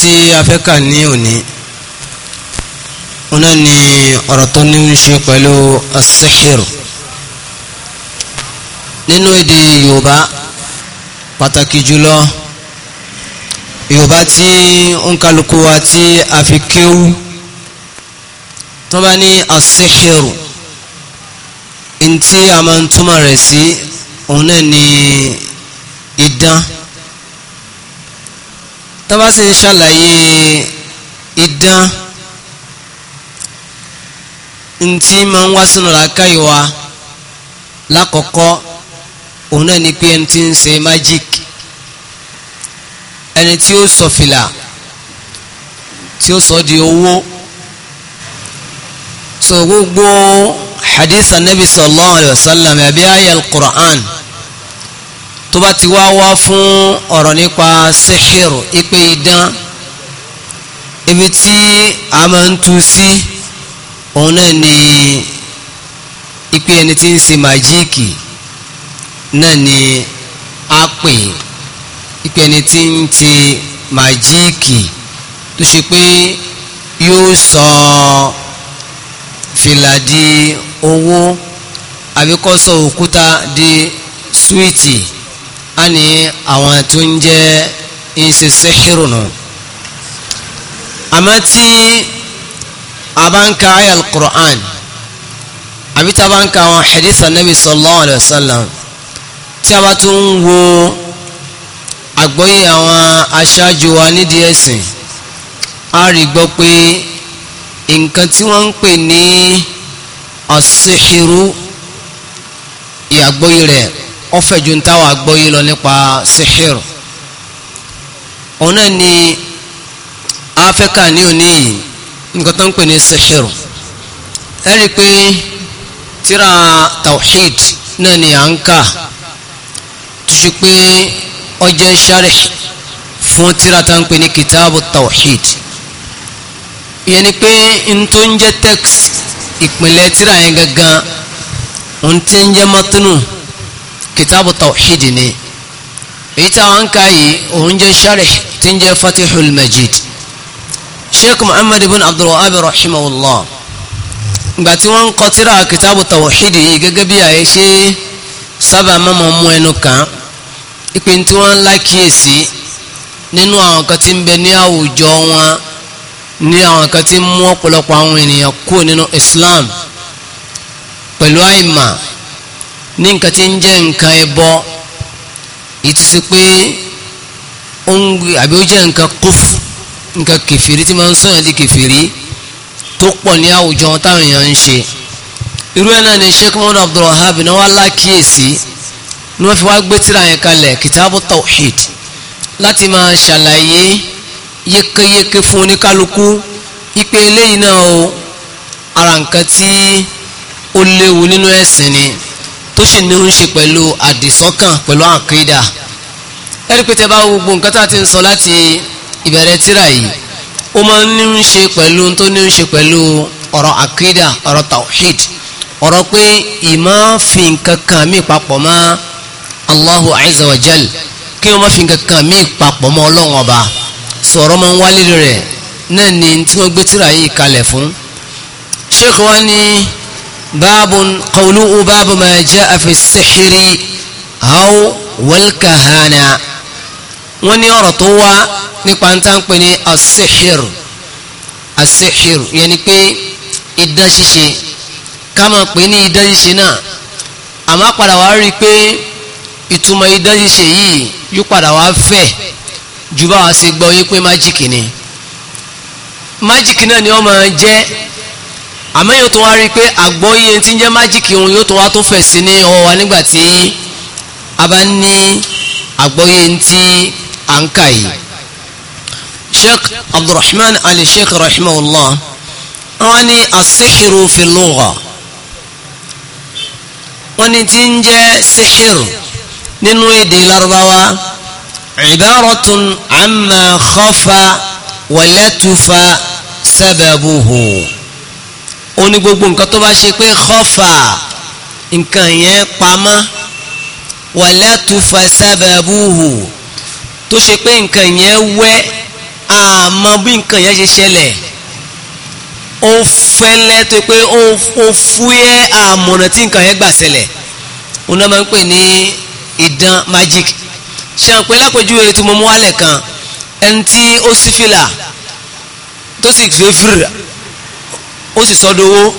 tí a fẹ́ kà ní òní ọ̀nà ni ọ̀rọ̀ tó ní ń ṣe pẹ̀lú asihiru nínú èdè yorùbá pàtàkì jùlọ yorùbá tí ń kálukú wa tí a fi kéwú tó bá ní asihiru ntí a máa ń túmọ̀ rẹ̀ sí òun ni idán tọ́ba sì ń ṣàlàyé idán ntí máa ń wá sínú làákàyè wa lákọ̀ọ́kọ́ òun náà ni pé ẹni tí ń ṣe magic ẹni tí ó sọ fìlà tí ó sọ di owó so gbogbo hadith anabi sallallahu alayhi wa sallam àbí quran tó bá ti wá wá fún ọ̀rọ̀ nípa sẹ́hìrù ipe idán ibi tí a máa ń tu sí òun náà ni ipe ẹni tí ń ṣe màjíìkì náà ni a pè ipe ẹni tí ń ti màjíìkì tó ṣe pé yóò sọ fìlà di owó àbíkọ́sọ òkúta di súwìtì. So ani ní àwọn tó ń jẹ́ ìṣe sẹ́hìrù nù àmọ́ tí a bá ń ka ayé al-Qur'an àbí tí a bá ń ka àwọn hadith anabi sallallahu alayhi wa sallam tí a bá tún ń wo àgbọ́yé àwọn aṣáájú wa nídìí ẹ̀sìn a rí gbọ́ pé nǹkan tí wọ́n ń pè ní as ìyàgbọ́yé rẹ̀ ọfẹ ju ntàwọn agbóyè lọ nípa sihir òun ni afẹ́kà ní òní yìí nǹkan tó ń pè ní sihir ẹ pé tíra tawhid náà ni à ń kà tó ṣe pé ọjọ́ sharh fún tíra tó ń pè ní kitabu tawhid ìyẹn ni pé n tó ń jẹ́ text ìpínlẹ̀ tíra yẹn gangan n tí ń jẹ́ mọ́tínù kitabu tawhid ni èyí tí àwọn ń ka yìí òun jẹ́ sharh tí ń jẹ́ fatihul majid sheikh muhammad ibn abdulwahab rahimahullah ìgbà tí wọ́n ń kọ tírà kitabu tawhid yìí gẹ́gẹ́ bí àyè ṣe sábà mọ́mọ́ mú ẹnu kàn ìpín tí wọ́n ń lákìyèsí nínú àwọn kan tí ń bẹ ní àwùjọ wọn ní àwọn kan tí ń mú ọ̀pọ̀lọpọ̀ àwọn ènìyàn kú nínú islam pẹ̀lú àìmọ̀ ní nǹkan tí ń jẹ́ nǹkan ẹbọ ìtúsí pé ó ń gbé àbí ó jẹ́ nǹkan kóf nǹkan kẹfìrí tí máa ń sọ̀yàn di kẹfìrí tó pọ̀ ní àwùjọ táwọn èèyàn ń ṣe irú ẹ̀ náà ni Sheikh Muhammad Abdulwahab náà wá lákìyèsí ni wọ́n fi wá gbé tírà yẹn kalẹ̀ kìtàbù tawhid láti máa ṣàlàyé yékéyéké fún oníkálukú ipe eléyìí náà o ara nǹkan tí ó léwu nínú ẹ̀sìn ni tó sì ní ń ṣe pẹ̀lú àdìsọ́kàn pẹ̀lú àkídà ẹ̀rí pé tẹ́ bá gbogbo nǹkan tá a ti ń sọ láti ìbẹ̀rẹ̀ tíra yìí ó máa ń ní ń ṣe pẹ̀lú tó ní ń ṣe pẹ̀lú ọ̀rọ̀ àkídà ọ̀rọ̀ tawhid ọ̀rọ̀ pé ìmọ̀ fi nǹkan papọ̀ mọ́ Allahu azza wa jal kí wọ́n má fi nǹkan kan mí papọ̀ mọ́ Ọlọ́run ọba sọ̀rọ̀ máa ń wálé rẹ̀ náà ni tí wọ́n gbé tíra yìí kalẹ̀ fún Sheikh wa باب قولوا باب ما جاء في السحر أو والكهانة وني أرطوة نقبانتان قني السحر السحر يعني كي إدان شيشي كما قني إدان شينا أما قد واري قي ìtumọ̀ idán ṣíṣe yìí yóò padà wá fẹ̀ ju báwa ṣe gbọ́ àmọ́ yóò tún wá rí i pé àgbọ́yé tí ń jẹ́ májíkì òun yóò tún wá tún fẹ̀ sí ní ọwọ́ wa nígbà tí a bá ní àgbọ́yé tí à ń kà yìí. sheikh abdulrahman ali sheikh rahimahullah wọ́n ní asihiru fi lugha ní tí ń jẹ́ sihiru nínú èdè Lárúbáwá ibaratun amma khafa walatufa sababuhu. Oni ní gbogbo nǹkan tó bá ṣe pé kọ́fà nǹkan yẹn pamọ́ wàlẹ́ tó fa sábàbùhù tó ṣe pé nǹkan yẹn wẹ́ àmọ́ bí nǹkan yẹn ṣe ṣẹlẹ̀ ó fẹ́lẹ́ tó pé ó fúyẹ́ àmọ̀nà tí nǹkan yẹn gbà ṣẹlẹ̀ òun máa ń pè ní ìdán magic ṣe àpè lápèjúwe tí mo mú wálẹ̀ kan ẹni tí ó sífìlà tó sì fẹ́ fìrà ó sì sọ́dọ̀ owó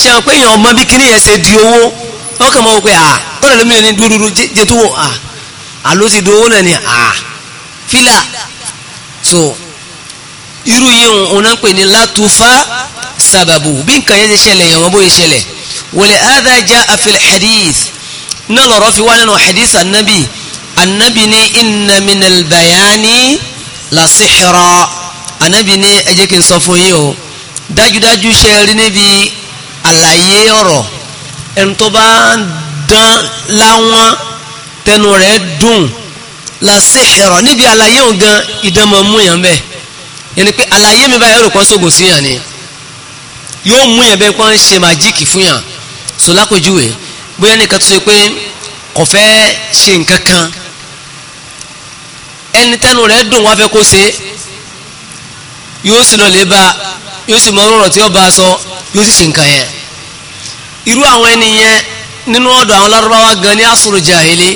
ṣe àwọn pé èèyàn ọmọ bí kíní yẹn ṣe di owó wọ́n kàn mọ́ wọn pé à ó rẹ̀ lómi ní dúdúdú jẹ tó wọ à àló ti di owó náà ni à fílà so irú yìí òun náà ń pè ní látúfà sábàbù bí nǹkan yẹn ti ṣẹlẹ̀ yẹn wọ́n bóyá ṣẹlẹ̀ wọlé adájá àfẹlẹ̀ hadith náà lọ́rọ́ fi wá nínú hadith anabi anabi ní inna minal bayani la anabi ní ẹ kí n sọ fún yín o dájúdájú ṣe rí níbi àlàyé ọ̀rọ̀ ẹni tó bá ń dán láwọn tẹnu rẹ̀ dùn làṣẹ̀rọ̀ níbi àlàyé òun gan ìdánmọ̀ mú yàn bẹ́ẹ̀ yẹn ni pé àlàyé mi báyìí rò pọ́n sógun sí yàn ni yóò mú yàn bẹ́ẹ̀ pọ́n ṣe màjíìkì fún yàn so lákòjúwe bóyá nìkan tó ṣe pé kò fẹ́ ṣe nǹkan kan ẹni tẹnu rẹ̀ dùn wá fẹ́ kó ṣe yóò sì lọ lè bá yóò sì mọ ọ̀rọ̀ tí ó bá sọ yóò sì sì nǹkan yẹn irú àwọn ẹni nínú ọ̀dọ̀ àwọn lárúbáwá gan ní asòrò jàhélé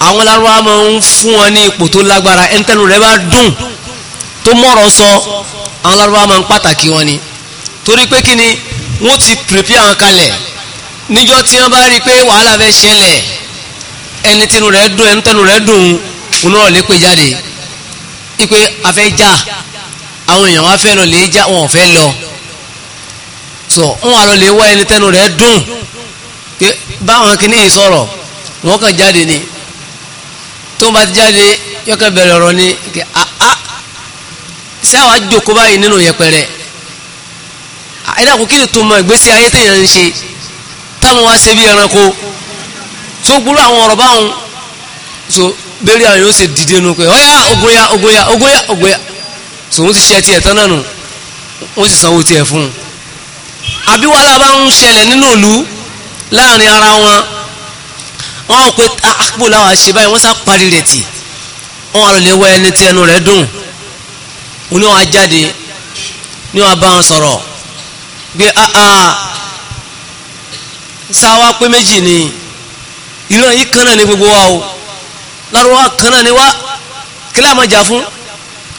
àwọn lárúbáwá máa ń fún wọn ní ipò tó lágbára ẹnitẹnu rẹ bá dùn tó mọ̀rọ̀ sọ àwọn lárúbáwá máa ń pàtàkì wọn ni torí pé kí ni wọ́n ti pèpè àwọn kalẹ̀ níjọ́ tí wọ́n bá rí i pé wàhálà fẹ́ ṣẹlẹ̀ ẹni tẹnu rẹ dùn ẹnitẹnu rẹ dùn òun náà lè pè jáde ipe afẹ́ já. Ja àwọn èèyàn wá fẹ́ lọ lè já wọn ò fẹ́ lọ sọ wọn àlọ lè wá ẹni tẹnu rẹ̀ dùn pé báwọn kìíní yìí sọ̀rọ̀ wọn kàn jáde ni tó bá ti jáde yọkàn bẹ̀rẹ̀ ọ̀rọ̀ ni kí a ṣé àwọn àjòkó báyìí nínú yẹpẹrẹ ẹ̀dàkùn kí ni tó mọ ìgbésí ayé téèyàn ń ṣe táwọn wá ṣe bí ẹranko tó gbúrú àwọn ọ̀rọ̀ báwọn so bẹ́ẹ̀rẹ̀ àwọn yóò ṣe dìde nù pé ọ̀yà ogoya ogoya ogoya ogoya sòun ti ṣe tiẹ̀ tán náà nù wọ́n sì sanwó tiẹ̀ fún un àbí wàhálà bá ń ṣẹlẹ̀ nínú ìlú láàrin ara wọn wọn ò pe àpò làwọn àṣẹ báyìí wọ́n sá parí rẹ̀ tì wọn àlọ́ lè wá ẹni tí ẹnu rẹ̀ dùn oní ajáde ní wọn bá wọn sọ̀rọ̀ gbé sáwa ah, ah, pé méjì ni ìran yìí kan náà ni gbogbo wa o lárúbáwá kan náà ni wá kílá jà fún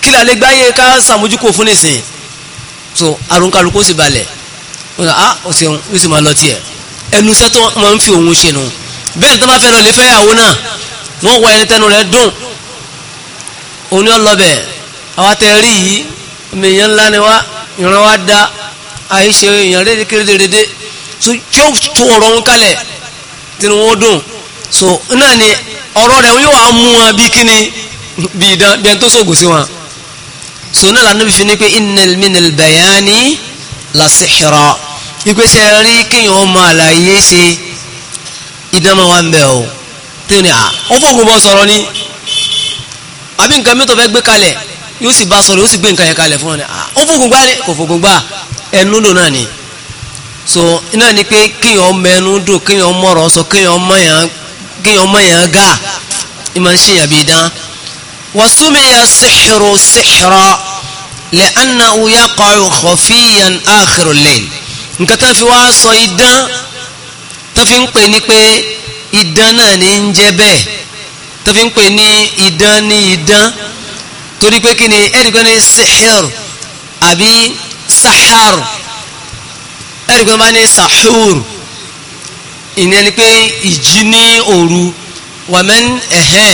kí la lè gbáyé ká sàmójúkò fún nìsín so àrùnkálukú sì balẹ̀ wọn ah ó sì ó sì máa lọ tiẹ̀ e. ẹnu iṣẹ́ tó máa ń fi òun ṣe nù bẹ́ẹ̀ tó bá fẹ́ lọ lè fẹ́ yàwó náà wọ́n wọ ẹni tẹnu rẹ̀ dùn òun ni ó lọ bẹ̀ àwa tẹ rí yìí omi èèyàn ńlá ni wá ìran wa da àìṣe èèyàn rédè kérédérédé so tí ó tu ọ̀rọ̀ ń kalẹ̀ tí wọ́n dùn so náà ni ọ̀rọ̀ rẹ̀ yóò wá mú wọn bí kíni bí ìdán bí ẹni tó sògùn sí wọn sọ̀nà lànàbí fi ní pé innal minal bayani la sihra ìgbésẹ̀ rí kéèyàn ọmọ àlàyé ṣe ìdánmọ̀ wa ń bẹ̀ o tí ni à ó fọ́gùn bọ́ sọ̀rọ̀ ni àbí nǹkan mìíràn tó fẹ́ gbé kalẹ̀ yóò sì bá sọ̀rọ̀ yóò sì gbé nǹkan yẹn kalẹ̀ fún ọ ni à ó fọ́gùn gbá ni kò fọ́gùn gbá ẹnu lò náà ni so iná ni pé kéèyàn ọmọ ẹnu dùn kéèyàn ọmọ ọ̀rọ̀ sọ kéèyàn ọmọ yẹn gá ìmọ̀ ń ṣèyàn bí dán wàsúmi yẹn sihru sihra li'annahu yaqa'u khafiyyan akhir al-layl nǹkan tán fi wá sọ idán tán fi ń pè ní pé idán náà ní ń jẹ́ bẹ́ẹ̀ tán fi ń pè ní idán ní idán torí pé kí ni ẹ̀ríkọ́ ní sihir àbí sahar ẹ̀ríkọ́ bá ní sahur ìyẹn ni pé ìjí ní òru wàmẹ́n ẹ̀hẹ́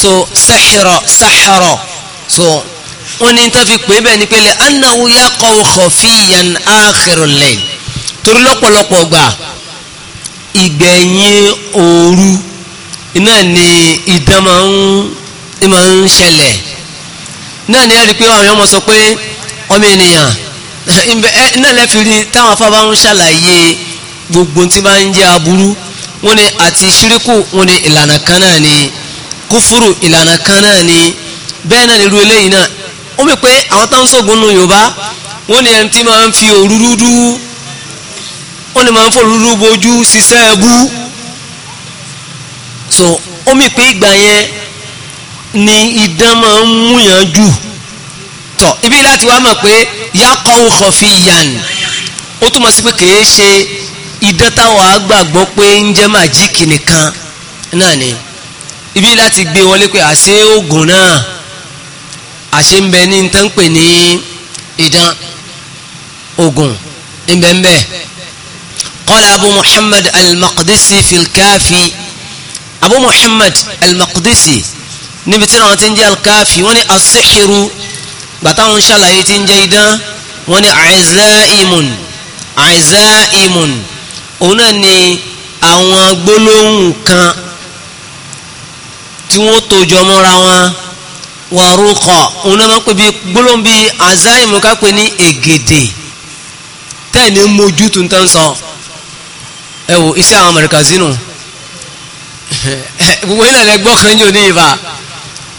so sahira sahara so ó ní tó fi pè é bẹ́ẹ̀ ni pé lẹ́ anáwó yá kọ́ ọkọ̀ fi ìyàn áàkìrò lẹ̀ torí lọ́pọ̀lọpọ̀ gbà ìgbẹ̀yìn òru iná ni ìdán máa ń ṣẹlẹ̀ náà ni ẹ rí i pé àwọn èèyàn mọ̀ sọ pé ọmọ ènìyàn náà lẹ́fi rí táwọn afábá ń ṣàlàyé gbogbo tí bá ń jẹ́ aburú wọ́n ní àti ṣíríkù wọ́n ní ìlànà kan náà ni kúfúrù ìlànà kan náà ni bẹ́ẹ̀ náà ni irú eléyìí náà ó mì pé àwọn tó ń sógun nu yorùbá wọ́n ní ẹni tí máa ń fi òrúrú dú wọ́n ní máa ń fòrúrú bojú ṣiṣẹ́ ẹbú so ó mì pé ìgbà yẹn ni idán máa ń múyàn jù tọ̀ ibi láti wá mọ̀ pé yakọ̀ọ́ kọ̀fì yàn ó túmọ̀ sí pé kìí ṣe idán táwọn àgbàgbọ́ pé ń jẹ́ màjíìkì nìkan náà ni ibi láti gbé wọlé pé àṣé oògùn náà àṣẹ ń bẹ ní n tán pè ní idán ogun ń bẹ ń bẹ qala abu muhammad al-maqdisi fil-kafi abu muhammad al-maqdisi níbi tí wọn ti ń jẹ́ al-kafi wọ́n ní asihiru gbàtàwọn ṣàlàyé ti ń jẹ́ idán wọ́n ní àìzáìmùn àìzáìmùn òun náà ni àwọn gbólóhùn kan tí wọ́n tó jọ mọ́ra wọn wàrúkọ̀ òun náà máa ń pè bí gbólóhùn bí azáìmù ká pè ní ègèdè tẹ́ẹ̀ni mójú tó ń tán sọ ẹ wò iṣẹ́ àwọn amẹ̀ríkà sínú gbogbo yìí lẹ́lẹ́ gbọ́ kan jò ní ìbá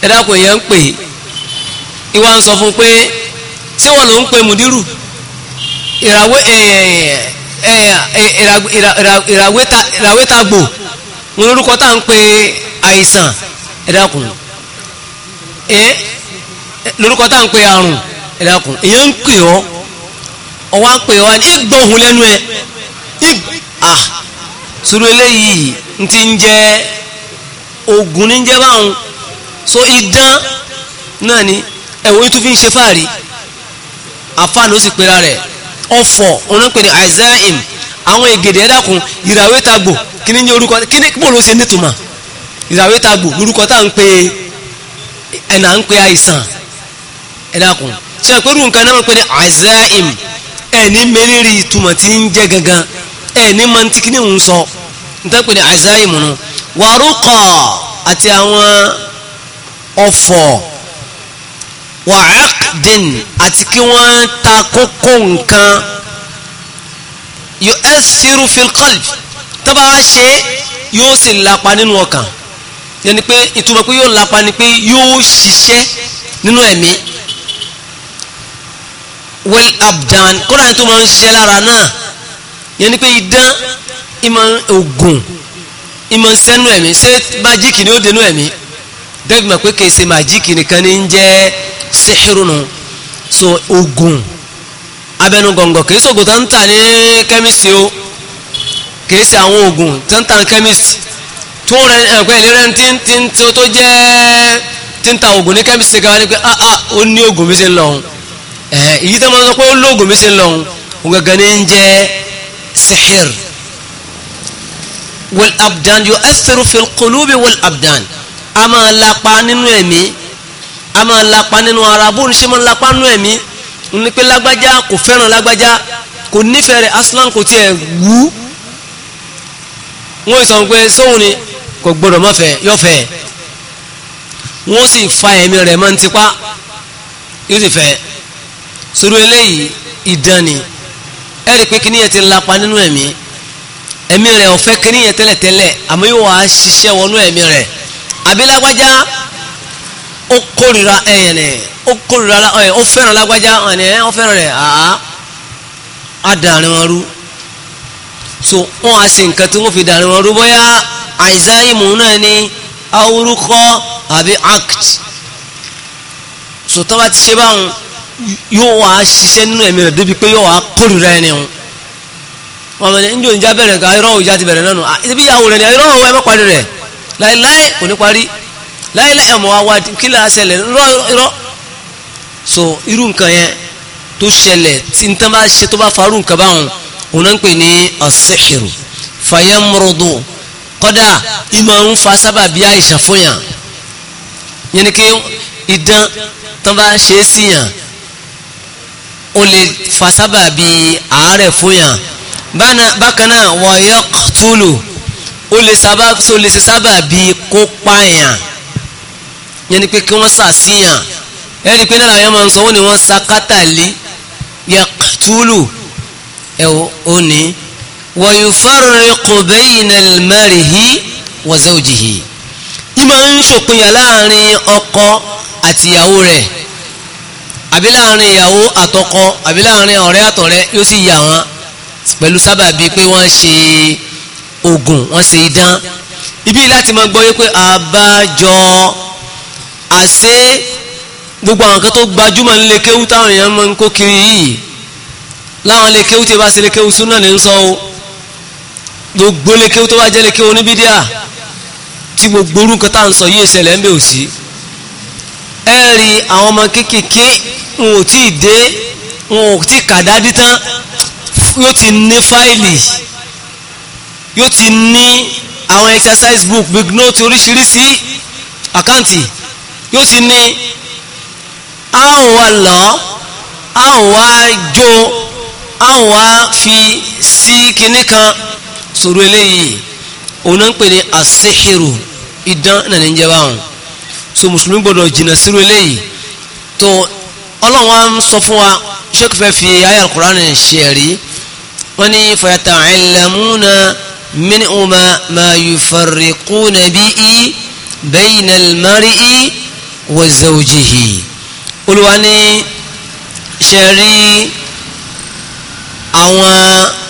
ẹ dákun èèyàn ń pè ìwà ń sọ fún pé ṣé wọ́n ló ń pè mùdírù ìràwé tàgbò wọn lórúkọ tá à ń pè àìsàn ẹ dákun. ẹ́ lórúkọ tá à ń pè àrùn ẹ̀dàkùn èyàn ń pè ọ́ ń pè ah sùúrù eléyìí ń ti ń jẹ́ ogun ní jẹ́ báwọn so idán náà ni ẹ̀wọ̀n fi ń ṣe fáàrí àfáà ló sì pera rẹ̀ ọ̀fọ̀ òun pè ní àwọn ègèdè ẹ̀dàkùn ìràwé tagbò kí ni orúkọ kí ni ẹ̀nà ń pe àìsàn ẹ̀dàkùn ṣe àpérù nǹkan náà pé ní azaim ẹ̀ní mẹ́rìnrì ìtumọ̀ tí ń jẹ́ gangan ẹ̀ní mọ́ntíkì ní òun sọ nítorí pé ní azaim nù wàrúkọ̀ àti àwọn ọ̀fọ̀ wàákdìn àti kí wọ́n ta kókó nǹkan yóò ẹ́ sírú fil tó bá wá ṣe yóò sì lápa nínú ọkàn yẹni pé ìtumọ̀ pé yóò lapa ni pé yóò ṣiṣẹ́ nínú ẹ̀mí well abdan kódà ní tó máa ń ṣiṣẹ́ lára náà yẹni pé idán ìmọ̀ ògùn ìmọ̀ ń sẹ́nu ẹ̀mí ṣé májíkì ni ó dénú ẹ̀mí dẹ́gbẹ̀ mọ̀ pé kì í ṣe májíkì nìkan ní ń jẹ́ sẹ́hìrùnù so ogun abẹnugọ̀ngọ̀ kì í ṣe ògùn tó ń tà ní kẹ́mísì o kì àwọn ògùn tó ń tà ní kẹ́mísì tó rẹ ẹ̀pẹ́ ìlera tí ń tí ń tí ó tó jẹ́ tí ń ta oògùn ní kẹ́mísì kan ní pé ah ah ó ní oògùn mi sí ń ẹ̀ èyí tó máa sọ pé ó lóògùn mi sí ń lọ́hùn òun gangan ń jẹ́ sihir wal abdan yóò ẹ́sítẹ́rù fil qulubi wal abdan a máa lapa nínú ẹ̀mí a máa lapa nínú ara bóun ṣe máa lapa nínú ẹ̀mí ní pé lágbájá kò fẹ́ràn lágbájá kò nífẹ̀ẹ́ rẹ̀ aslan kò tiẹ̀ wú wọ́n sọ pé sóhun ni kò gbọdọ̀ mọ́fẹ́ yọ́fẹ́ wọ́n sì fa ẹ̀mí rẹ̀ mọ́ ntipa yóò sì fẹ́ sórí eléyìí ìdán ẹ rí i pé kíníyẹn ti lapa nínú ẹ̀mí ẹ̀mí rẹ̀ ọ̀fẹ́ kíníyẹn tẹ́lẹ̀tẹ́lẹ̀ àmọ́ yóò wá ṣiṣẹ́ wọnú ẹ̀mí rẹ̀ àbí lágbájá ó kórìíra ẹ̀yẹn ni ó kórìíra ẹ̀yẹn ó fẹ́ràn lágbájá ẹ̀yẹn ó fẹ́ràn rẹ̀ àá á dàrin wọn rú so wọn á ṣe nǹkan tí wọn fi dàrin wọn rú bóyá àìsáìmù náà ní awurukọ àbí act sọtọ́ bá ti ṣe báwọn yóò wá ṣiṣẹ́ nínú ẹ̀mí rẹ̀ débi pé yóò wá kórìíra ẹni wọn wọn bẹ ní njó níjà bẹ̀rẹ̀ nǹkan irọ́ òjá ti bẹ̀rẹ̀ nánu ibi ìyàwó rẹ̀ ni irọ́ òwò ẹ̀ má parí rẹ̀ láéláé kò ní parí láéláé ẹ̀mọ́ wa wá kí lè ṣẹlẹ̀ irọ́ irọ́ so irú nǹkan yẹn tó ṣẹlẹ̀ tí nǹkan bá ṣe tó bá farú nǹkan báwọn òun náà ń pè ní as-sihru kọ́dà ìmọ̀ ń fa sábàbí àìsàn fún yàn yẹn ni kí idán tán bá ṣe é sí yàn ó lè fa sábàbí àárẹ̀ fún yàn bákan náà wọ́n yọ túlù ó lè ṣe sábàbí kó pààyàn yẹn ni pé kí wọ́n sàṣìyàn ẹni pé náà làwọn máa sọ wọ́n ni wọ́n sa kátàlí yẹ túlù ẹ̀ ò ní. ويفرق بين mẹ́rìhí وزوجه. إما ń ṣòpinya láàrin ọkọ àti ìyàwó rẹ̀ àbí láàrin ìyàwó àtọkọ àbí láàrin ọ̀rẹ́ àtọ̀rẹ́ yóò sì yà wọ́n pẹ̀lú sábàbí pé wọ́n ṣe oògùn wọ́n ṣe idán ibi láti máa gbọ́ wípé àbájọ àṣé gbogbo àwọn kan tó gbajúmọ̀ nílé kéwú táwọn èèyàn máa ń kó kiri yìí láwọn lè kéwú tí ẹ bá ṣe lè kéwú súnà ní ń gbogbo lékeu tó bá jẹ́ lékeu oníbídíà tí gbogbo orú nǹkan tá à ń sọ yìí ṣẹlẹ̀ ń bẹ̀ ò sí ẹ rí àwọn ọmọ kéékèèké wọn ò tí ì dé wọn ò tí ì kàdádí tán yóò ti ní fáìlì yóò ti ní àwọn exercise book big note oríṣiríṣi àkáǹtì yóò ti ní àwọn wa lọ àwọn wa jó àwọn wa fi sí kinní kan sòrò eléyìí òun náà ń pè ní asihiru idán náà ní jẹba hàn so mùsùlùmí gbọdọ̀ jìnnà sírò eléyìí tó ọlọ́run wa ń sọ fún wa sheikh fẹ́ fi ayé alukur'an ṣe ẹ̀rí wọ́n ní fayata ẹlẹ́múnà mínúma máa yufarriqu nàbí i bayna zawjihi olùwà ní ṣe rí àwọn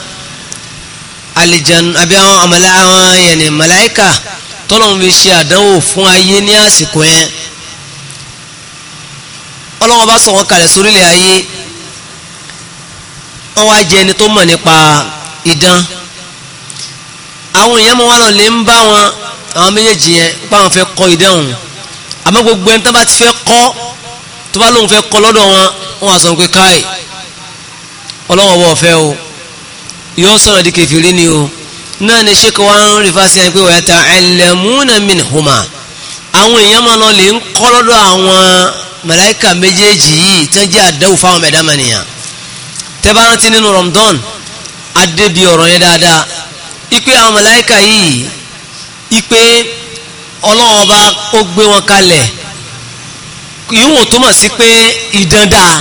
àlìjàn àbí àwọn àmàlà àwọn yẹnì màláìkà tọ́lọ́run fi ṣe àdánwò fún ayé ní àsìkò yẹn ọlọ́wọ́n bá sọ wọn kalẹ̀ sórílẹ̀ ayé wọ́n wá jẹ ẹni tó mọ̀ nípa idán àwọn èèyàn máa wá lọ lè ń bá wọn àwọn méjèèjì yẹn pa àwọn fẹ́ kọ́ idán òun àmọ́ gbogbo ẹni tó bá ti fẹ́ kọ́ tó bá lóun fẹ́ kọ́ lọ́dọ̀ wọn wọ́n á sọ káì ọlọ́wọ́n bọ̀ fẹ́ o yóò sọ̀rọ̀ di kẹfìrí ni o náà ni ṣé kò wá ń rí fásitì yẹn pé wa yata'allamuna minhuma àwọn èèyàn máa lọ lè ń kọ́ lọ́dọ̀ àwọn màláíkà méjèèjì yìí tí wọ́n jẹ́ àdáwò fáwọn mẹ̀dámẹ́nìyàn tẹ́bá rántí nínú Ramadan adébi ọ̀rọ̀ yẹn dáadáa ipe àwọn màláíkà yìí ipe Ọlọ́hun Ọba ó gbé wọn kalẹ̀ ìwọ̀n túmọ̀ sí pé ìdán dáa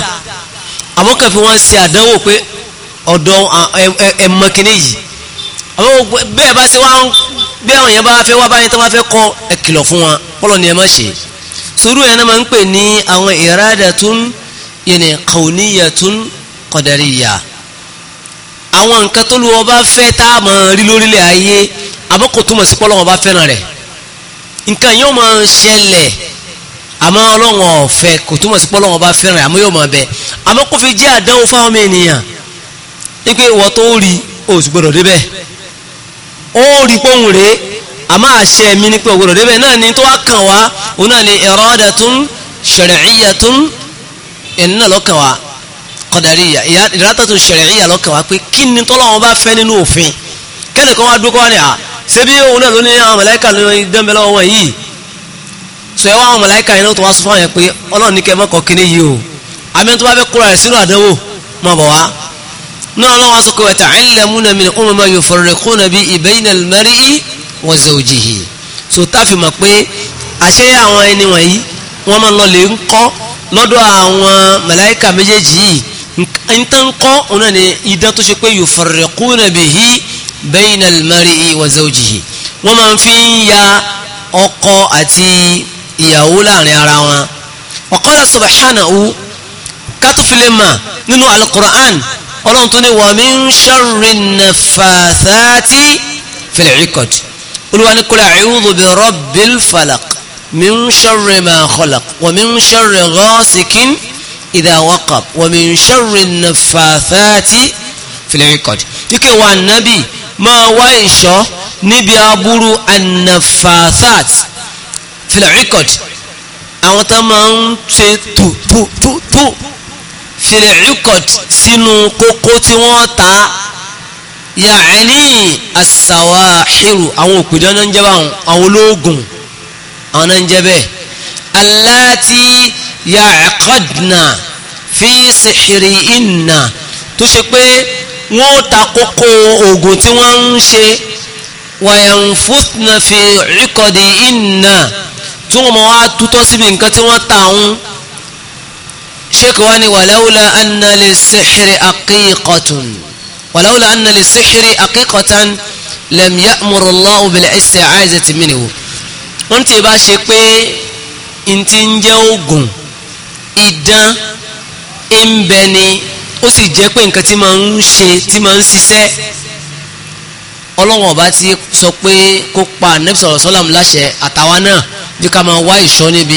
àmọ́ kàn ṣe àdánwò pé ọ̀dọ̀ ẹ̀mọ́ kìíní yìí àwọn bẹ́ẹ̀ bá ṣe wá ń bí àwọn èèyàn bá fẹ́ wá báyìí tó bá fẹ́ kọ́ ẹ fún wọn bọ́lọ̀ ni ẹ má ṣe sùúrù yẹn náà máa ń pè ní àwọn iradatun yani kauniyatun qadariyya àwọn nǹkan tó lu ọba fẹ́ tá a máa rí lórílẹ̀ ayé àmọ́ kò túmọ̀ sí pọ́lọ́wọ́n ọba fẹ́ràn rẹ̀ nǹkan yóò máa ṣẹlẹ̀ àmọ́ ọlọ́wọ́n ọ̀fẹ́ kò túmọ̀ sí pọ́lọ́wọ́n ọba fẹ́ràn rẹ̀ àmọ́ yóò máa bẹ àmọ́ kò fi jẹ́ àdánwò fáwọn ènìyàn ipe ìwọ tó rí oṣù gbọdọ̀ débẹ̀ ó rí pọ́hùn rèé àmọ́ àṣẹ mi ní pé ọ̀gbọdọ̀ débẹ̀ náà ni tó wá kàn wá òun náà ni iradatun shar'iyyatun ẹni náà lọ́kàn wá qadariyya iradatun shar'iyya lọ́kàn wá pé kí ni tọ́lọ́wọ́n bá fẹ́ nínú òfin kẹ́nìkan wá dúkọ́ wá ní à ṣé bí òun náà ló ní àwọn màláíkà ló ní dẹ́mbẹ́ sọ ẹ wá àwọn màláíkà yẹn tó wá sọ fún àwọn yẹn pé ọlọ́run ní kẹ́ mọ́kọ́ kíní yìí o àmì tó bá fẹ́ kóra rẹ̀ sínú àdánwò mọ̀ bọ̀ wá náà ọlọ́wọ́ sọ pé wata'allamuna min umma yufarriquna bihi bayna al-mar'i wa zawjihi so táfi mọ̀ pé àṣẹ àwọn ẹni wọ̀nyí wọ́n máa lọ lè ń kọ́ lọ́dọ̀ àwọn màláìkà méjèèjì yìí nǹkan kọ́ òun náà ni idán tó ṣe pé yufarriquna bihi bayna al-mar'i wa zawjihi wọ́n máa fi ń ya ọkọ àti ìyàwó láàrin ara wọn wa qala subhanahu kátó ọlọ́run tó ní wa min sharri naffathati fil uqad olúwa ní qul a'udhu bi rabbil falaq min sharri ma khalaq wa min sharri ghasikin idha waqab wa min sharri naffathati fil uqad ike wa nabi máa wá ìṣọ́ níbi aburú annaffathat fil uqad àwọn tó máa ń ṣe tù tù tù tù fìlẹ̀ ìkọ̀t sínú kókó tí wọ́n ta yàní àsàwà hìrù àwọn òpìdán náà ń jẹ́ báwọn àwọn olóògùn àwọn náà ń jẹ́ bẹ́ẹ̀ aláti yàkọ́dnà fi sìhìrì ìnà tó ṣe pé wọ́n ta kókó oògùn tí wọ́n ń ṣe wàyànfúnà fi ìkọ̀dì ìnà tí wọ́n mọ̀ wá tútọ́ síbi nǹkan tí wọ́n ta àwọn sheikh wa ni wàláwùlà anna lè sèxiri àkíkọ̀tún wàláwùlà anna lè sèxiri àkíkọ̀tán lẹ́m yá mùrùlá obìnrin ẹsẹ̀ àìsẹ̀ ti mìíràn wò. wọ́n ti bá ṣe pé n ti ń jẹ́ oògùn idán ń bẹ ni ó sì jẹ́ pé nǹkan tí máa ń ṣe tí máa ń ṣiṣẹ́ ọlọ́wọ́n ọba ti sọ pé kó pa nẹ́bísọ̀rọ̀ sọ́làmù láṣẹ àtàwa náà bí ká máa wá ìṣọ́ níbi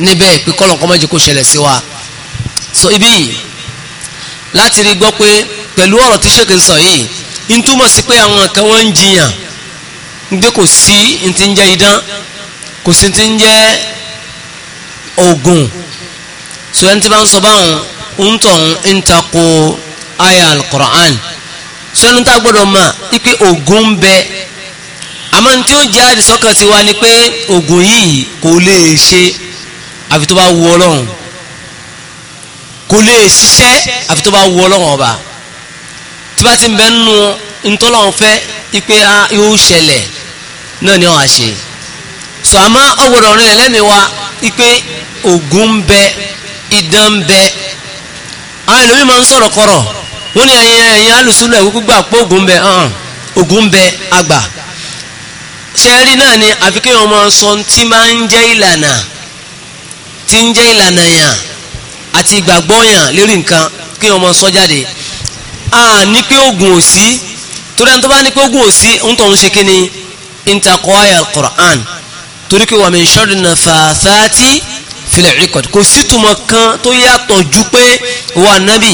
níbẹ̀ pé kọ́lọ̀ kọ́ mọ́jì kó ṣẹlẹ̀ sí wa so ibi yìí láti rí gbọ́ pé pẹ̀lú ọ̀rọ̀ tí ṣèkè ń sọ yìí ń túmọ̀ sí pé àwọn kan wọ́n ń jiyàn gbé kò sí ń ti ń jẹ́ idán kò sí ti ń jẹ́ oògùn so ẹni tí bá ń sọ báwọn ń tọ̀hún ń takò aya al-Qur'an so ẹni tá a gbọ́dọ̀ mọ̀ ipe oògùn ń bẹ àmọ́ ní tí ó jẹ́ àdìsọ́kàn tiwa ni pé oògùn yìí kò lè ṣe àfi tó bá wu ọlọ́run kò lè ṣiṣẹ́ àfi tó bá wu ọlọ́run ọba tí bá ti ń bẹ nínú ntọ́lọ́run fẹ́ ipe yóò ṣẹlẹ̀ náà ni wọ́n á ṣe sọ àmọ́ ọgbọ̀dọ̀ rìn rẹ̀ lẹ́mìí wa ipe ògùn ń bẹ idán ń bẹ àwọn ẹlòmíì máa ń sọ̀rọ̀ kọ̀rọ̀ wọ́n ní ẹ̀yin ẹ̀yin alùsùlẹ̀ kúkú gbà pé ògùn ń bẹ ògùn ń bẹ àgbà ṣe náà ni àfikẹ́ ọmọ sọ ti máa ń jẹ́ ìlànà tí ń jẹ́ ìlànà yàn àti ìgbàgbọ́ yàn lérí nǹkan kí ọmọ sọ jáde a ní pé oògùn ò sí torí ẹni tó bá ní pé oògùn ò sí ń tọ̀hún ṣe kíni intakwaya al-Qur'an torí pé wa min sharri naffathati fil 'uqad kò sí túmọ̀ kan tó yàtọ̀ ju pé wà nábì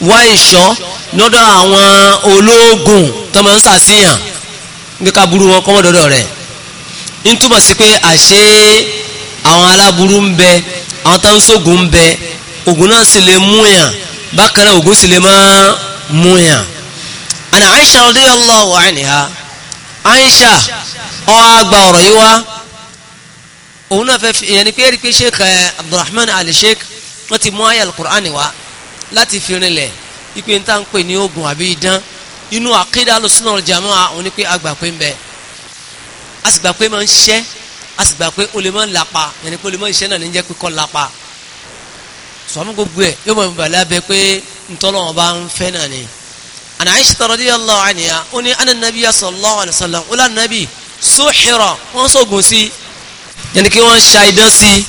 wá ìṣọ́ lọ́dọ̀ àwọn ológun tó máa ń sàṣìyàn gbé ká burú wọn kọ́mọ́dọ́dọ̀ rẹ̀ ń túmọ̀ sí pé àṣẹ àwọn aláburú ń bẹ àwọn táwọn sógun ń bẹ ogun náà sì lè mú yàn bákan náà ogun sì lè má mú yàn. àná Aisha radiyallahu anha Aisha ó wá gba ọ̀rọ̀ yìí wá òun náà fẹ́ fi ìyẹn ni pé rí pé sheikh eh, abdulrahman ali sheikh wọ́n ti mú ayé alukur'ani wá láti fi rinlẹ̀ ipe n ta ń pè ní oògùn àbí idán inú àkídà alùsùnà ọ̀jàmọ́ àwọn ni pé agbà pé ń bẹ a pé máa ń ṣiṣẹ́ a sì gbà pé o lè má lapa yẹn pé o lè má iṣẹ́ náà ní jẹ́ pé kọ́ lapa sọ̀rọ̀ gbogbo ẹ̀ yóò mọ̀ bàlẹ́ abẹ pé ntọ́lọ́wọ́n bá ń fẹ́ náà ni àná Aisha radiyallahu anha ó ní anna nabiyya sallallahu alaihi wasallam ó lá nàbí sóhìrà wọ́n sógun sí yẹn kí wọ́n ṣa idán sí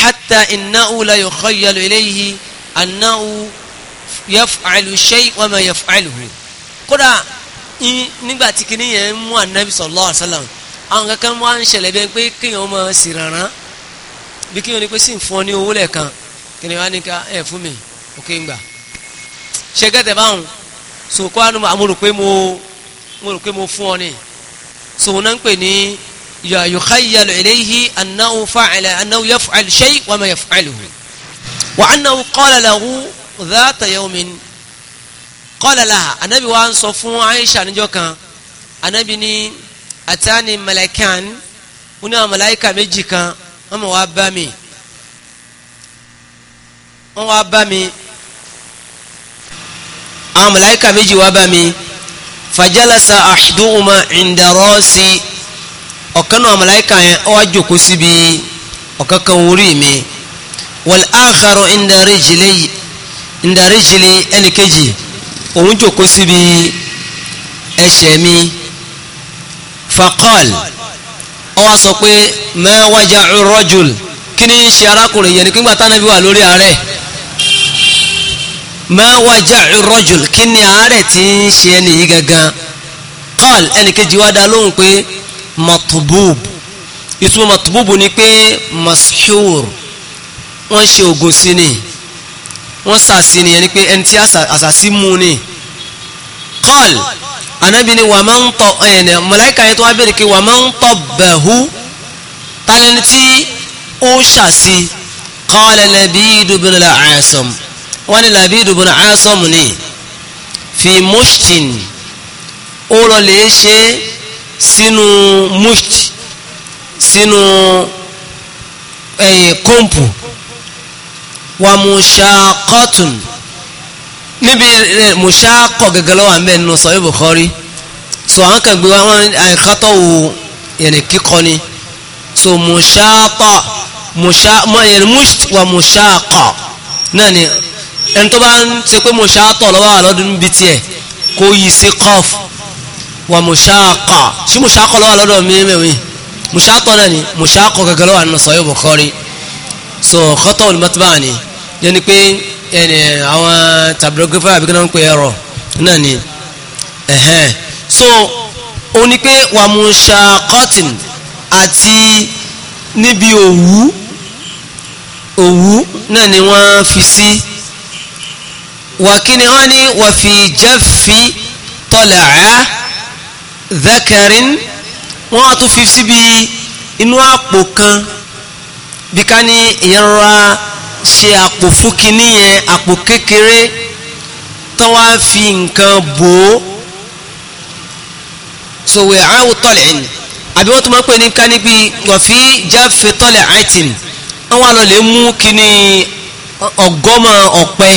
hatta innahu la yukhayyalu ilayhi annahu yaf'alu shay'an wa ma yaf'aluhu kódà nígbà tí kìnìyẹn mú ànábì sallallahu alaihi wasallam àwọn kankan wá ń ṣẹlẹ̀ bẹ́ẹ̀ pé kéèyàn máa sì rànrán bí kéèyàn ní pé sì ń fún ọ ní owó lẹ́ẹ̀kan kéèyàn wá ní ká ẹ̀ fún mi òkè ń gbà ṣẹ́gẹ́tẹ̀ báwọn sòkó àánú mo rò pé mo mo pé mo fún ọ ní sòwò náà ń pè ní yukhayyalu ilayhi annahu fa'ala annahu yaf'alu shay' wa ma yaf'aluhu wa annahu qala lahu dhata yawmin qala laha anabi wa ń sọ fún Aisha níjọ́ kan anabi ní àtàní malakan wọn ní àwọn malaika méjì kan wọn mọ̀ wá bá mi wọn wá bá mi àwọn malaika méjì wá bá mi fajalasa ahduhuma inda ọ̀kan náà malaika yẹn ó wá síbi ọ̀kan kan orí mi wal akharu inda rijli ẹnìkejì òun jókòó síbi ẹsẹ̀ mi faqal ó wá sọ pé ma waja'u rajul kí ni ń ṣe arákùnrin yẹn ni kí n gbà tánàbí wà lórí àárẹ̀ ma waja'u rajul kí ni àárẹ̀ ti ń ṣe ẹni yìí gangan qal ẹnìkejì wá dá lóhùn pé matubub ìtumọ̀ matubub ni pé mashur wọ́n ṣe oògùn sí ni wọ́n sàsí ni pé ẹni tí àsàsí mú ni qal anabi ni wà máa ń tọ ẹ̀ẹ́nẹ̀ mọ̀láìka yẹn tó wá bèrè kí wà máa ń tọ bẹ̀hú tálẹ́ni tí ó ṣàṣì qala Labidu bin al-Asam wọ́n ní Labidu bin al ni fi mushtin ó lọ lè ṣe sínú musht sínú ẹ̀yìn kọ́ǹpù wà mushaqatun níbi mùsáàkọ̀ gẹ́gẹ́ lọ́wọ́ àmì ẹnu sọ̀rọ̀ Bukhari so àwọn kan gbé wọn àìkátọ̀ wò yẹnì kíkọ ni so mùsáàkọ̀ mùsáàkọ̀ mùsht wa mùsáàkọ̀ náà ni ẹni tó bá ń ṣe pé mùsáàtọ̀ lọ́wọ́ àlọ́dún bíi tiẹ̀ kó yí sí kọ́f wa mùsáàkọ̀ sí mùsáàkọ̀ lọ́wọ́ àlọ́dún mímẹ́wìn mùsáàkọ̀ náà ni mùsáàkọ̀ gẹ́gẹ́ lọ́wọ́ àmì sọ̀rọ̀ Bukhari so kọ́tọ̀ olùmọ́tò báà ni yẹn pé ẹni àwọn tablografa àbíkí náà ń pè ẹ̀rọ náà ni ẹ̀hẹ́n so ó ní pé wàmúṣà cotton àti níbi òwú òwú náà ni wọ́n fi sí wàkíní wọ́n ní wàfi jẹ́fì tọ́lẹ̀ ẹ́ zẹ́kẹ̀rin wọ́n á tún fi síbi inú àpò kan bí ìyẹn rọra ṣe àpò fún kinní yẹn àpò kékeré tó wá fi nǹkan bò ó sòwò àwọn tọ́lẹ̀ ẹni àbí wọ́n tún máa ń pè ní káníbi gọ̀fí jáfe tọ́lẹ̀ àìtìn wọ́n wá lọ lè mú kinní ọgọ́mọ ọ̀pẹ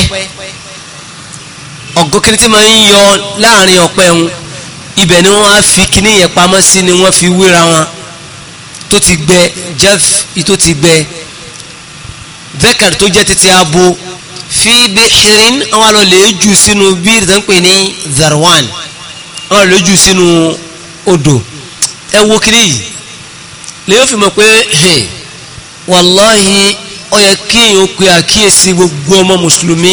ọ̀gọ́ kinní tí máa ń yọ láàrin ọ̀pẹ ń ibẹ̀ ni wọ́n á fi kinní yẹn pamọ́ sí ni wọ́n fi wéra wọn tó ti gbẹ jẹ́f tó ti gbẹ zakar tó jẹ́ títí abo fi bihirin àwọn àlọ́ lè jù sínú bíi tó ń pè ní zarwan àwọn àlọ́ lè jù sínú odò ẹ wo kiri yìí lèyìn fi mọ̀ pé wàláhì ó yẹ kéèyàn pe àkíyèsí gbogbo ọmọ mùsùlùmí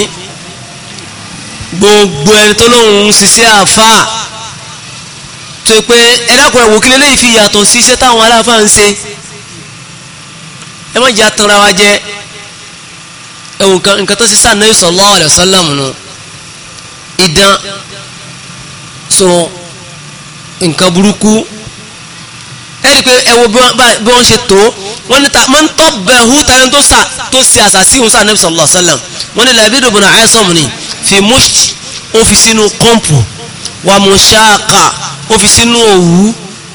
gbogbo ẹni tó lóun ń ṣiṣẹ́ àáfàá tó pé ẹ dákun ẹ̀wò kí lélẹ́yìí fi yàtọ̀ sí táwọn aláàfáà ń ṣe ẹ má jẹ́ atanra wa jẹ́ ẹ̀wọ̀n nǹkan tó sísá Nabi sallallahu alaihi wasallam nù idán so nǹkan burúkú ẹ̀rí pé ẹ̀wọ̀n bí wọ́n ṣe tó wọ́n ní ta mọ́ ń tọ́ bẹ̀ hu tayọ tó sà tó ṣe àṣàṣì òun sà Nabi sallallahu alaihi wasallam wọ́n ní Labidu bin Asam ni fi mush ó fi sínú kọ́ǹpù wà mushaqa ó fi sínú òwú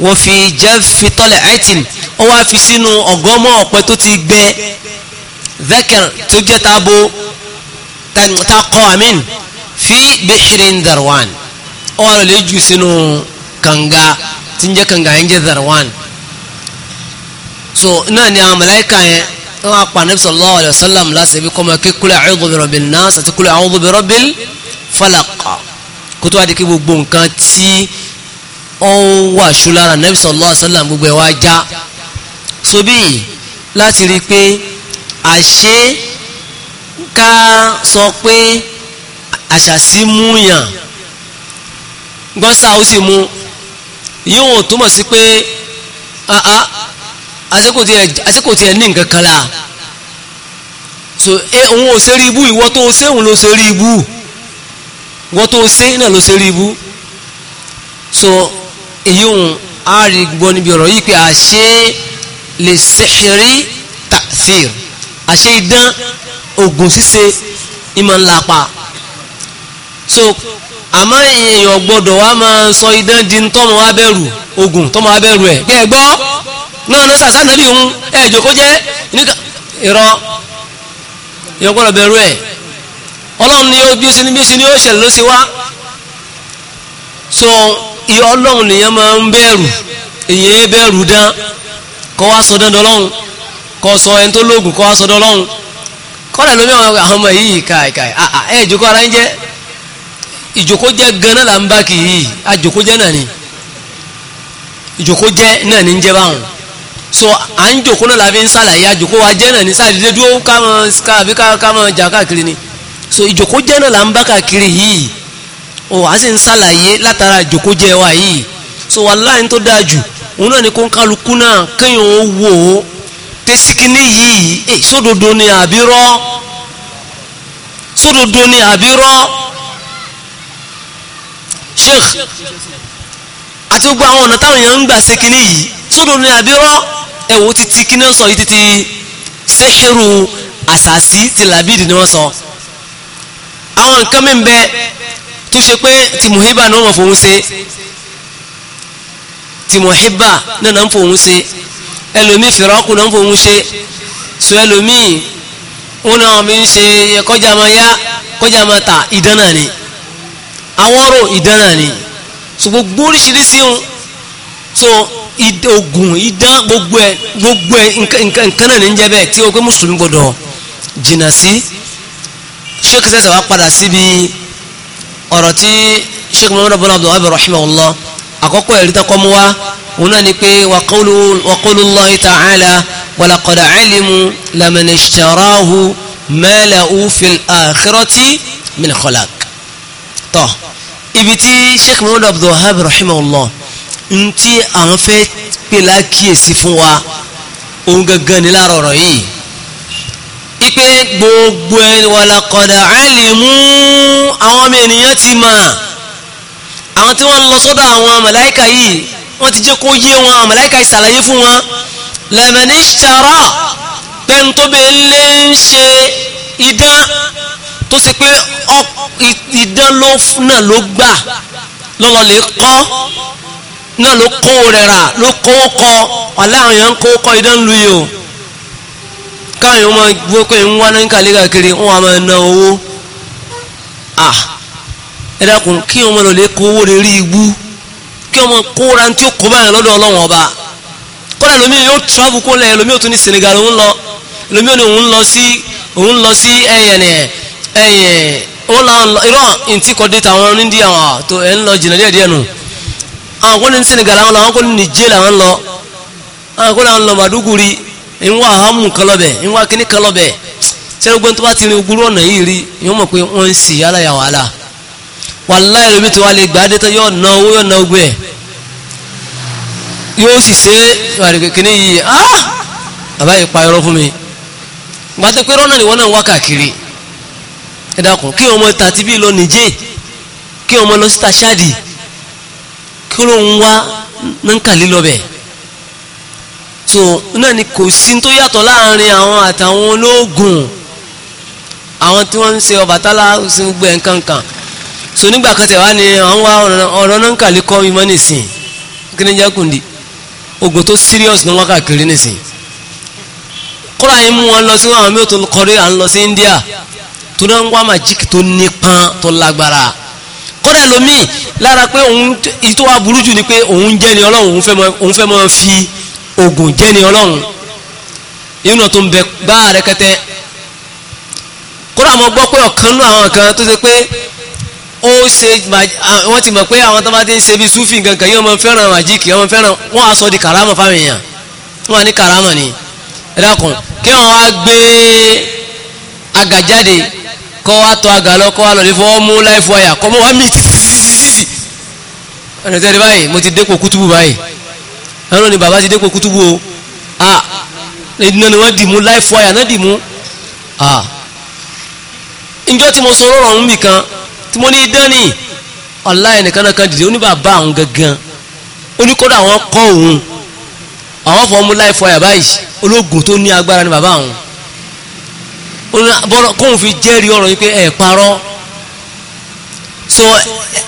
wọ́n fi jẹ́ fi ẹ̀tìn ó wá fi sínú ọ̀gọ́mọ́ ọ̀pẹ tó ti gbẹ dhakar tó jẹ́ tabo takọ amin fi bihirin darwan ọ̀rọ̀ lè jù sínú kànga tí ń jẹ́ kànga yẹn jẹ́ darwan so náà ni àwọn mọ̀láìkà yẹn wọ́n á pa anabi sallallahu alayhi wa sallam láti ibi kọ́mọ kí kúlẹ̀ a'udhu bi rabbin nas àti kúlẹ̀ a'udhu bi rabbil falaq kó tó wá di kí gbogbo nǹkan tí ó ń wà ṣúlára anabi sallallahu alayhi wa sallam gbogbo ẹ̀ wá já so bíi láti rí i pé àṣé ká sọ pé àṣàṣì mú yàn gọ́sà ó sì mú yíwọ̀n túmọ̀ sí pé àṣekò tí ẹ ní nǹkan kan la so òun ò ṣe rí ibú ìwọ tó ṣe òun ló ṣe rí ibú ìwọ tó ṣe náà ló ṣe ibú so èyí òun á rí gbọ́ níbi ọ̀rọ̀ yìí pé àṣé lè ṣèṣirí tàṣírí àṣẹ idán oògùn ṣíṣe ìmọ̀ ńlá pa so àmọ́ èèyàn gbọ́dọ̀ wá máa sọ idán di tọ́mọ wá bẹ̀rù oògùn tọ́mọ wá bẹ̀rù ẹ̀ bí ẹ gbọ́ náà ní sàṣà nàbí òun ẹ jòkó jẹ́ ìrọ èèyàn gbọ́dọ̀ bẹ̀rù ẹ̀ ọlọ́run ni ó bí ó sì ní bí ó sì ní ó ṣẹlẹ̀ ló ṣe wá so ìyá ọlọ́run nìyẹn máa ń bẹ̀rù èèyàn bẹ̀rù dán kọ́ wá sọ dandan ọlọ́run kọ́ sọ ẹni tó lóògùn kọ́ wá sọ́dọ̀ ọlọ́run kọ́lẹ̀ lómi àwọn ọmọ yìí kàìkàì ẹ ìjókòó ara ń jẹ́ ìjókòó jẹ́ gan-an là ń bá kì í àjókòó jẹ́ náà ni ìjókòó jẹ́ náà ni ń jẹ́ báwọn so à ń jókòó náà la fi ń sàlàyé àjókòó wa jẹ́ náà ni sàdédé dúró káwọn àbí káwọn jà káàkiri ni so ìjókòó jẹ́ náà là ń bá káàkiri yìí o wàá sì ń sàlàyé látara ìjókòó jẹ́ wa yìí so wàláhì tó dáa jù òun náà ni kó ń kálukú náà kéèyàn ó wò ó pesikini yìí eh, sódodo ni àbírọ́ sódodo ni àbírọ́ sheikh àti gbogbo àwọn ọ̀nà táwọn èèyàn ń gbà sekini yìí sódodo ni àbírọ́ ẹ̀wò títí kíní sọ yìí títí sẹ́hìrù àsàsí ti làbídì ni wọ́n sọ àwọn nǹkan mi ń bẹ tó ṣe pé ti muhiba ni wọ́n fòun ṣe ti muhiba náà ń fòun ṣe ẹlòmíì fìrọ́kù náà ń fòun ṣe so ẹlòmíì wọn náà mi ń ṣe kọjá máa yá kọjá máa ta ìdánà ni awọ́rò ìdánà ni so gbogbo oríṣiríṣi ń so ogun idán gbogbo ẹ gbogbo ẹ nǹkan náà ní ń jẹ bẹ́ẹ̀ tí o pé mùsùlùmí gbọdọ̀ jìnnà sí sheikh sẹsẹ wa padà síbi ọ̀rọ̀ tí sheikh muhammadu abdullahi abdullahi rahimahullah àkọ́kọ́ ẹ̀rí tọ́kọ́ mú wa òun náà ni pé waqulu Allahi ta'ala walaqad alimu laman ishtarahu ma lahu fil akhirati min khalaq tọ́ ibi tí sheikh muhammad abdulwahab rahimahullah ń tí àwọn fẹ́ pè lákìyèsí fún wa òun gangan ní láàárọ̀ ọ̀rọ̀ yìí ipe gbogbo ẹni walaqad alimu àwọn ọmọ ènìyàn ti máa àwọn tí wọ́n lọ sọ́dọ̀ àwọn màláíkà yìí wọ́n ti jẹ́ kó yé wọn àwọn màláíkà yìí ṣàlàyé fún wọn lẹ́mẹ̀ní ṣàrà pẹ́ntóbẹ̀ lè ń ṣe idán tó ṣe pé idán náà ló gbà lọ́lọ́ lè kọ́ náà ló kó rẹ̀ rà ló kó kọ wàlẹ́ àwọn èèyàn ń kó kọ idán lu yìí o káwọn èèyàn máa gbọ́ pé ń wá náà ń kàlẹ́ kàkiri wọ́n á máa ná owó ah ẹ dákun kí ọmọ lọ lè kówó lè rí igbú kí ọmọ kóra tí ó kó báyìí lọ́dọ̀ ọlọ́wọ́n ọba kódà lómi yóò travel kó lẹ̀ lómi yóò tún ní Senegal òun lọ lómi yóò ní òun lọ sí òun lọ sí ẹyẹn ẹyẹn ó la irọ́ ntí kọ́ dé tàwọn onídìí àwọn tó ẹ̀ ń lọ jìnnà díẹ̀ díẹ̀ nù àwọn kò ní Senegal àwọn lọ àwọn kò ní Niger làwọn lọ àwọn kò ní àwọn lọ Maduguri ìwọ àhámù kan lọ bẹ ìwọ akíní kan lọ bẹ sẹ́rùgbọ́n tó bá ti rin ogúrú ọ̀nà yìí rí ìwọ́n mọ̀ pé wọ́n ń sì yálà yà wàhálà wàláì lómi tí wà lè gbà dé tán yóò na owó yóò na ogun ẹ̀ yóò sì ṣe àrègbèkìní yìí ah bàbá yìí pa irọ́ fún mi gbàtẹ́ pé rọ́nà ni wọ́n náà wá káàkiri ẹ dákun kí ọmọ tàti bí lọ nìjẹ́ kí ọmọ lọ síta ṣáàdì kí ló ń wá nankali lọ́bẹ̀ so náà ni kò sí tó yàtọ̀ láàrin àwọn àtàwọn olóògùn àwọn tí wọ́n ń ṣe Ọbàtálá gbẹ̀ nǹkan so nígbà kan tẹ̀ wá ní àwọn ọ̀rọ̀ náà ń kàlí kọ́ mímọ́ nìsín kí ni jẹ́ ogun tó serious ní wọ́n káàkiri nìsín kóra yín mú wọn lọ sí àwọn mẹ́tò kọ́rí à ń lọ sí India tó náà ń wá magic tó nípọn tó lágbára kóra ẹlòmíì lára pé òun èyí tó wá burú jù ni pé òun jẹ́ ni ọlọ́run òun fẹ́ mọ́ fi ogun jẹ́ ni ọlọ́run yìí náà tó ń bẹ gbáà rẹ̀kẹ̀tẹ̀ kóra mo gbọ́ pé ọ̀kan náà àwọn kan tó ṣe pé ó ṣe ah, wọ́n ti mọ̀ pé àwọn tó bá ti ń ṣe bí súfì gangan yóò mọ fẹ́ràn màjíìkì wọ́n fẹ́ràn wọ́n á sọ di kàrámà fáwọn èèyàn wọ́n á ní kàrámà ni ẹ dákun kí wọ́n wá gbé aga jáde kọ́ wá tọ́ aga lọ kọ́ wá lọ lè fọwọ́ mú láìfọ àyà kọ́ mọ́ wá mí títí ẹnì tẹ́lẹ̀ báyìí mo ti dépò kútùbù báyìí ẹnu ni bàbá ti dépò kútùbù o a iná ni wọ́n dì mú láìfọ àyà tí mo ní idán ni ọ̀la ẹnìkan náà kan dìde oníbàbá àwọn gangan oníkódà àwọn kọ́ òun àwọn fọ́ láì fọyà báyìí ológun tó ní agbára ni bàbá àwọn kóun fi jẹ́rìí ọ̀rọ̀ yìí pé ẹ̀ parọ́ so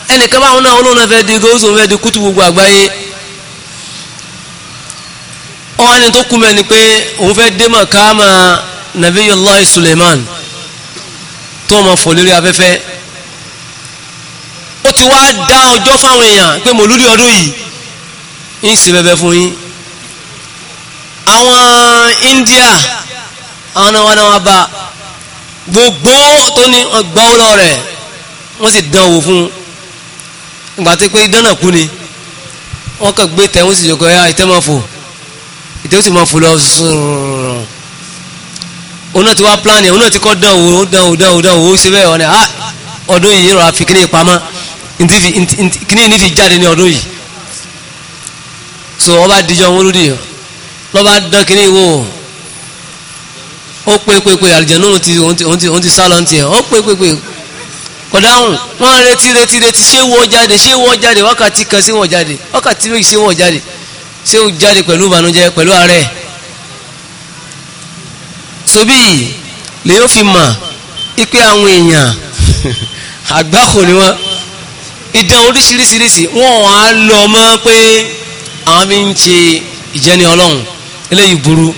ẹnìkan báwọn náà olóhùn náà fẹ́ di gòsò fẹ́ di kútu gbogbo àgbáyé ọ̀hún ẹni tó kú mẹ́ni pé òun fẹ́ dé mọ̀ káàmà nàbíyí Allah Suleiman tó ọmọ fò lórí afẹ́fẹ́ ti wá dá ọjọ́ fáwọn èèyàn pé mòlúdì ọdún yìí ń ṣe bẹ̀bẹ̀ fún yín àwọn India àwọn náà wọn náà wọn bá gbogbo tó ní gbọ́wọ́ lọ rẹ̀ wọ́n sì dán owó fún ìgbà tí pé dánà kú ni wọ́n kàn gbé tẹ̀ wọ́n sì jòkó ẹ̀yà ìtẹ́ máa fò ìtẹ́ sì máa fò lọ sùúrùn òun náà ti wá pílánì òun náà ti kọ́ dán owó dán owó dán owó ó ṣe bẹ́ẹ̀ wọn ni ah, ọdún yìí rọra fi kíní ìpamọ́ ntí fi ntí kíní ní fi jáde ní ọdún yìí so ọba dijọ́ wọn lódì lọ́ba dán kíní wò ó pé pé pé àlùjànnú ti òun ti sá lọ tiẹ̀ ó pé pé pé kọ̀dáhùn wọ́n retí retí retí ṣé wọ́n jáde ṣé wọ́n jáde wákàtí kan ṣé wọ́n jáde wákàtí méjì ṣé wọ́n jáde ṣé wọ́n jáde pẹ̀lú ìbànújẹ́ pẹ̀lú ààrẹ sobi lèyìn ó fi mà ipe àwọn èèyàn àgbákò ni wọ́n ìdán oríṣiríṣiríṣi wọn wà á lọ mọ́ pé àwọn mi ń ṣe ìjẹni ọlọ́run eléyìí burú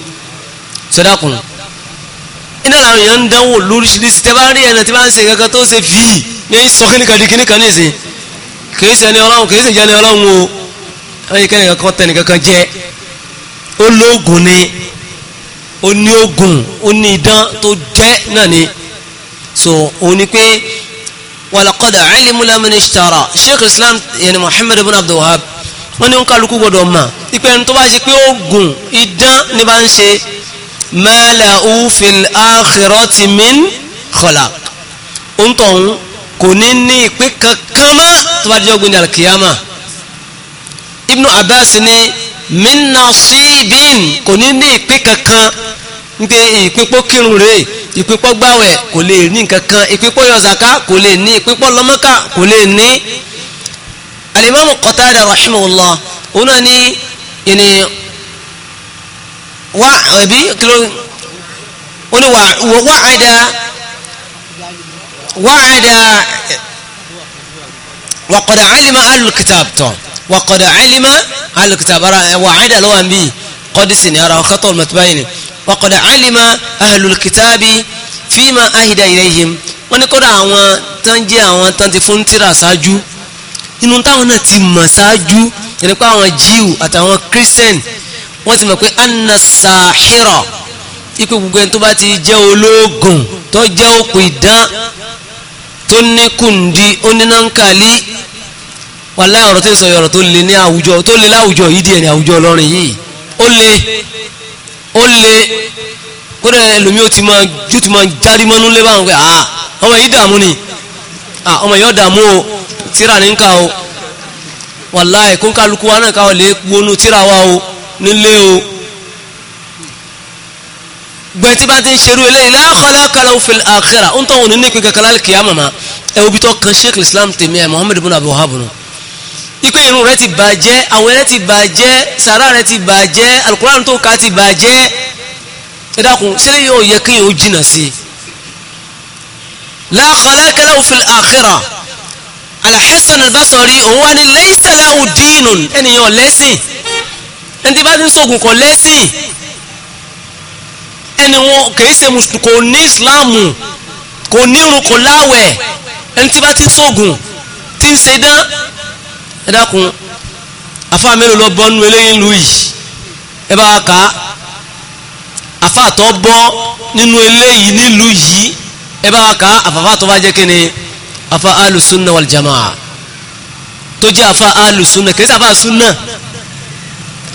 sọdákùn iná làwọn èèyàn ń dánwò lóríṣiríṣi tẹ́ bá rí ẹ̀nà tí bá ń ṣe kankan tó ṣe fíì ní sọ kíníkan di kíníkan ní ìsìn kìí ṣe ẹni ọlọ́run kìí ṣe ìjẹni ọlọ́run o ẹ̀yìn kẹ́ni kankan tẹ̀ nìkankan jẹ́ ó lóògùn ni ó ní oògùn ó ní idán tó jẹ́ náà ni so òun ni pé walaqad alimu lamani ishtara sheikh islam yani muhammad ibn abdul wahab wọ́n ní ń kálukú gbọ́dọ̀ mà ipe ẹni tó bá ṣe pé oògùn idán ní bá ń ṣe malahu fil akhirati min khalaq ń tọ̀hún kò ní ní ìpín kankan mọ́ tó bá di ọgbìn alkiyama ibn abbas ní min nasibin kò ní ní ìpín kankan ń pe ìpín pókírun rèé ìpípọ́ gbáwẹ̀ kò lè ní nǹkan kan ìpípọ́ yọzaka kò lè ní ìpípọ́ lọ́mọ́ká kò lè ní. alimami Qatada rahimahullah òun náà ní ìní wá ẹbí kìló ó ní wá àdá wá àdá wa alima alkitab tọ̀ wa alima alkitab ara wà àdá lọ́wọ́ àbí kọ́dísì ni ara ọ̀kátọ̀ mọ̀tíbáyìí ni. وقد علم أهل الكتاب فيما أهدى إليهم wọ́n ní kódà àwọn tán jẹ́ àwọn tán ti fún tíra ṣáájú inú táwọn náà ti mọ̀ ṣáájú ẹni pé àwọn jíù àtàwọn christian wọ́n ti mọ̀ pé anna sahira gbogbo ẹni tó bá ti jẹ́ ológun tó jẹ́ òkú ìdán tó ní kùndí onínáǹkàlí wàláhì ọ̀rọ̀ tó ń sọ ọ̀rọ̀ tó le ní àwùjọ tó le láwùjọ yìí díẹ̀ ní àwùjọ ọlọ́rin yìí ó le ó lè kódà ẹlòmí ó ti máa jó ti máa járí mọ́nú lé báwọn pé àá ah, ọmọ yìí dààmú ni ah, ọmọ yìí dààmú o tíra ní ká o wàláì kó kálukú wa náà káwọn lè wọnú tíra wa o nílé o gbẹ tí bá ti ń ṣerú eléyìí la khalaqa lahu fil akhirah ó ń tọ́wọ́n ní ní ìpín kankan lálẹ́ kìá màmá ẹ̀ òbí kan sheikh islam tèmi ẹ̀ muhammed bin abdulhab nù ipe irun rẹ ti bàjẹ́ àwọn rẹ ti bàjẹ́ sàrà rẹ ti bàjẹ́ alukurani tó ka ti bàjẹ́ ẹ dákun sílẹ̀ yóò yẹ kí yóò jìnà sí i la khalaqa lahu fil akhirah Al-Hasan al-Basri òun wá ní laysa lahu dinun ènìyàn lẹ́sìn ẹni bá ti ń sọ̀gùn kọ́ lẹ́sìn ẹni wọn kìí ṣe mùsùlùmí kò ní ìsìláàmù kò ní irun kò láwẹ̀ ẹni bá ti ń sọ̀gùn ti ń ṣe dán ẹ dákun àfa mélòó lọ bọ́nu eléyìí lu yìí ẹ bá kà á àfa àtọ́ bọ́ nínú eléyìí nílùú yìí ẹ bá kà á àfàfà tó bá jẹ́ kí ni àfa alùsùnà wàlìjàmà tó jẹ́ àfa alùsùnà kìí sàfà sùnà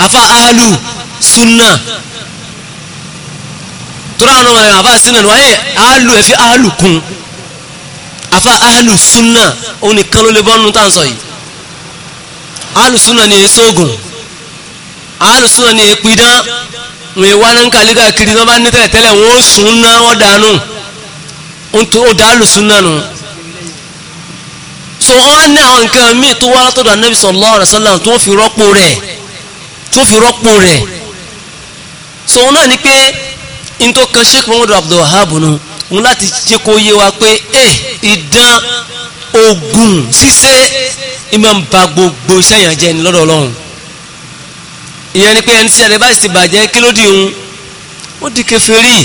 àfa alùsùnà tó rà wọn àfa sùnà wáyé alù ẹ̀fí alù kún àfa alùsùnà òun nìkan ló lè bọ́nu tá à ń Alụsụ ni èsògùn alùsùnà ni èpidán wọn èwà e ní kàlíkà kiri wọn bá ní tẹ́lẹ̀ wọn sùn wọn dànù nù so wọn ní àwọn nǹkan míì tó wá látọ̀dọ̀ tó fi rẹ! tó fi rẹ!" so wọn náà pé kan muhammadu nù wọn wa pé ẹ ìdán ogun ṣíṣe ìmọ̀ ń ba gbogbo iṣẹ́ yẹn jẹ́ ni lọ́dọ̀ ọlọ́run ìyẹn ni pé ẹni tí ẹni bá sì bàjẹ́ kí ló di òun ó di kèfèrí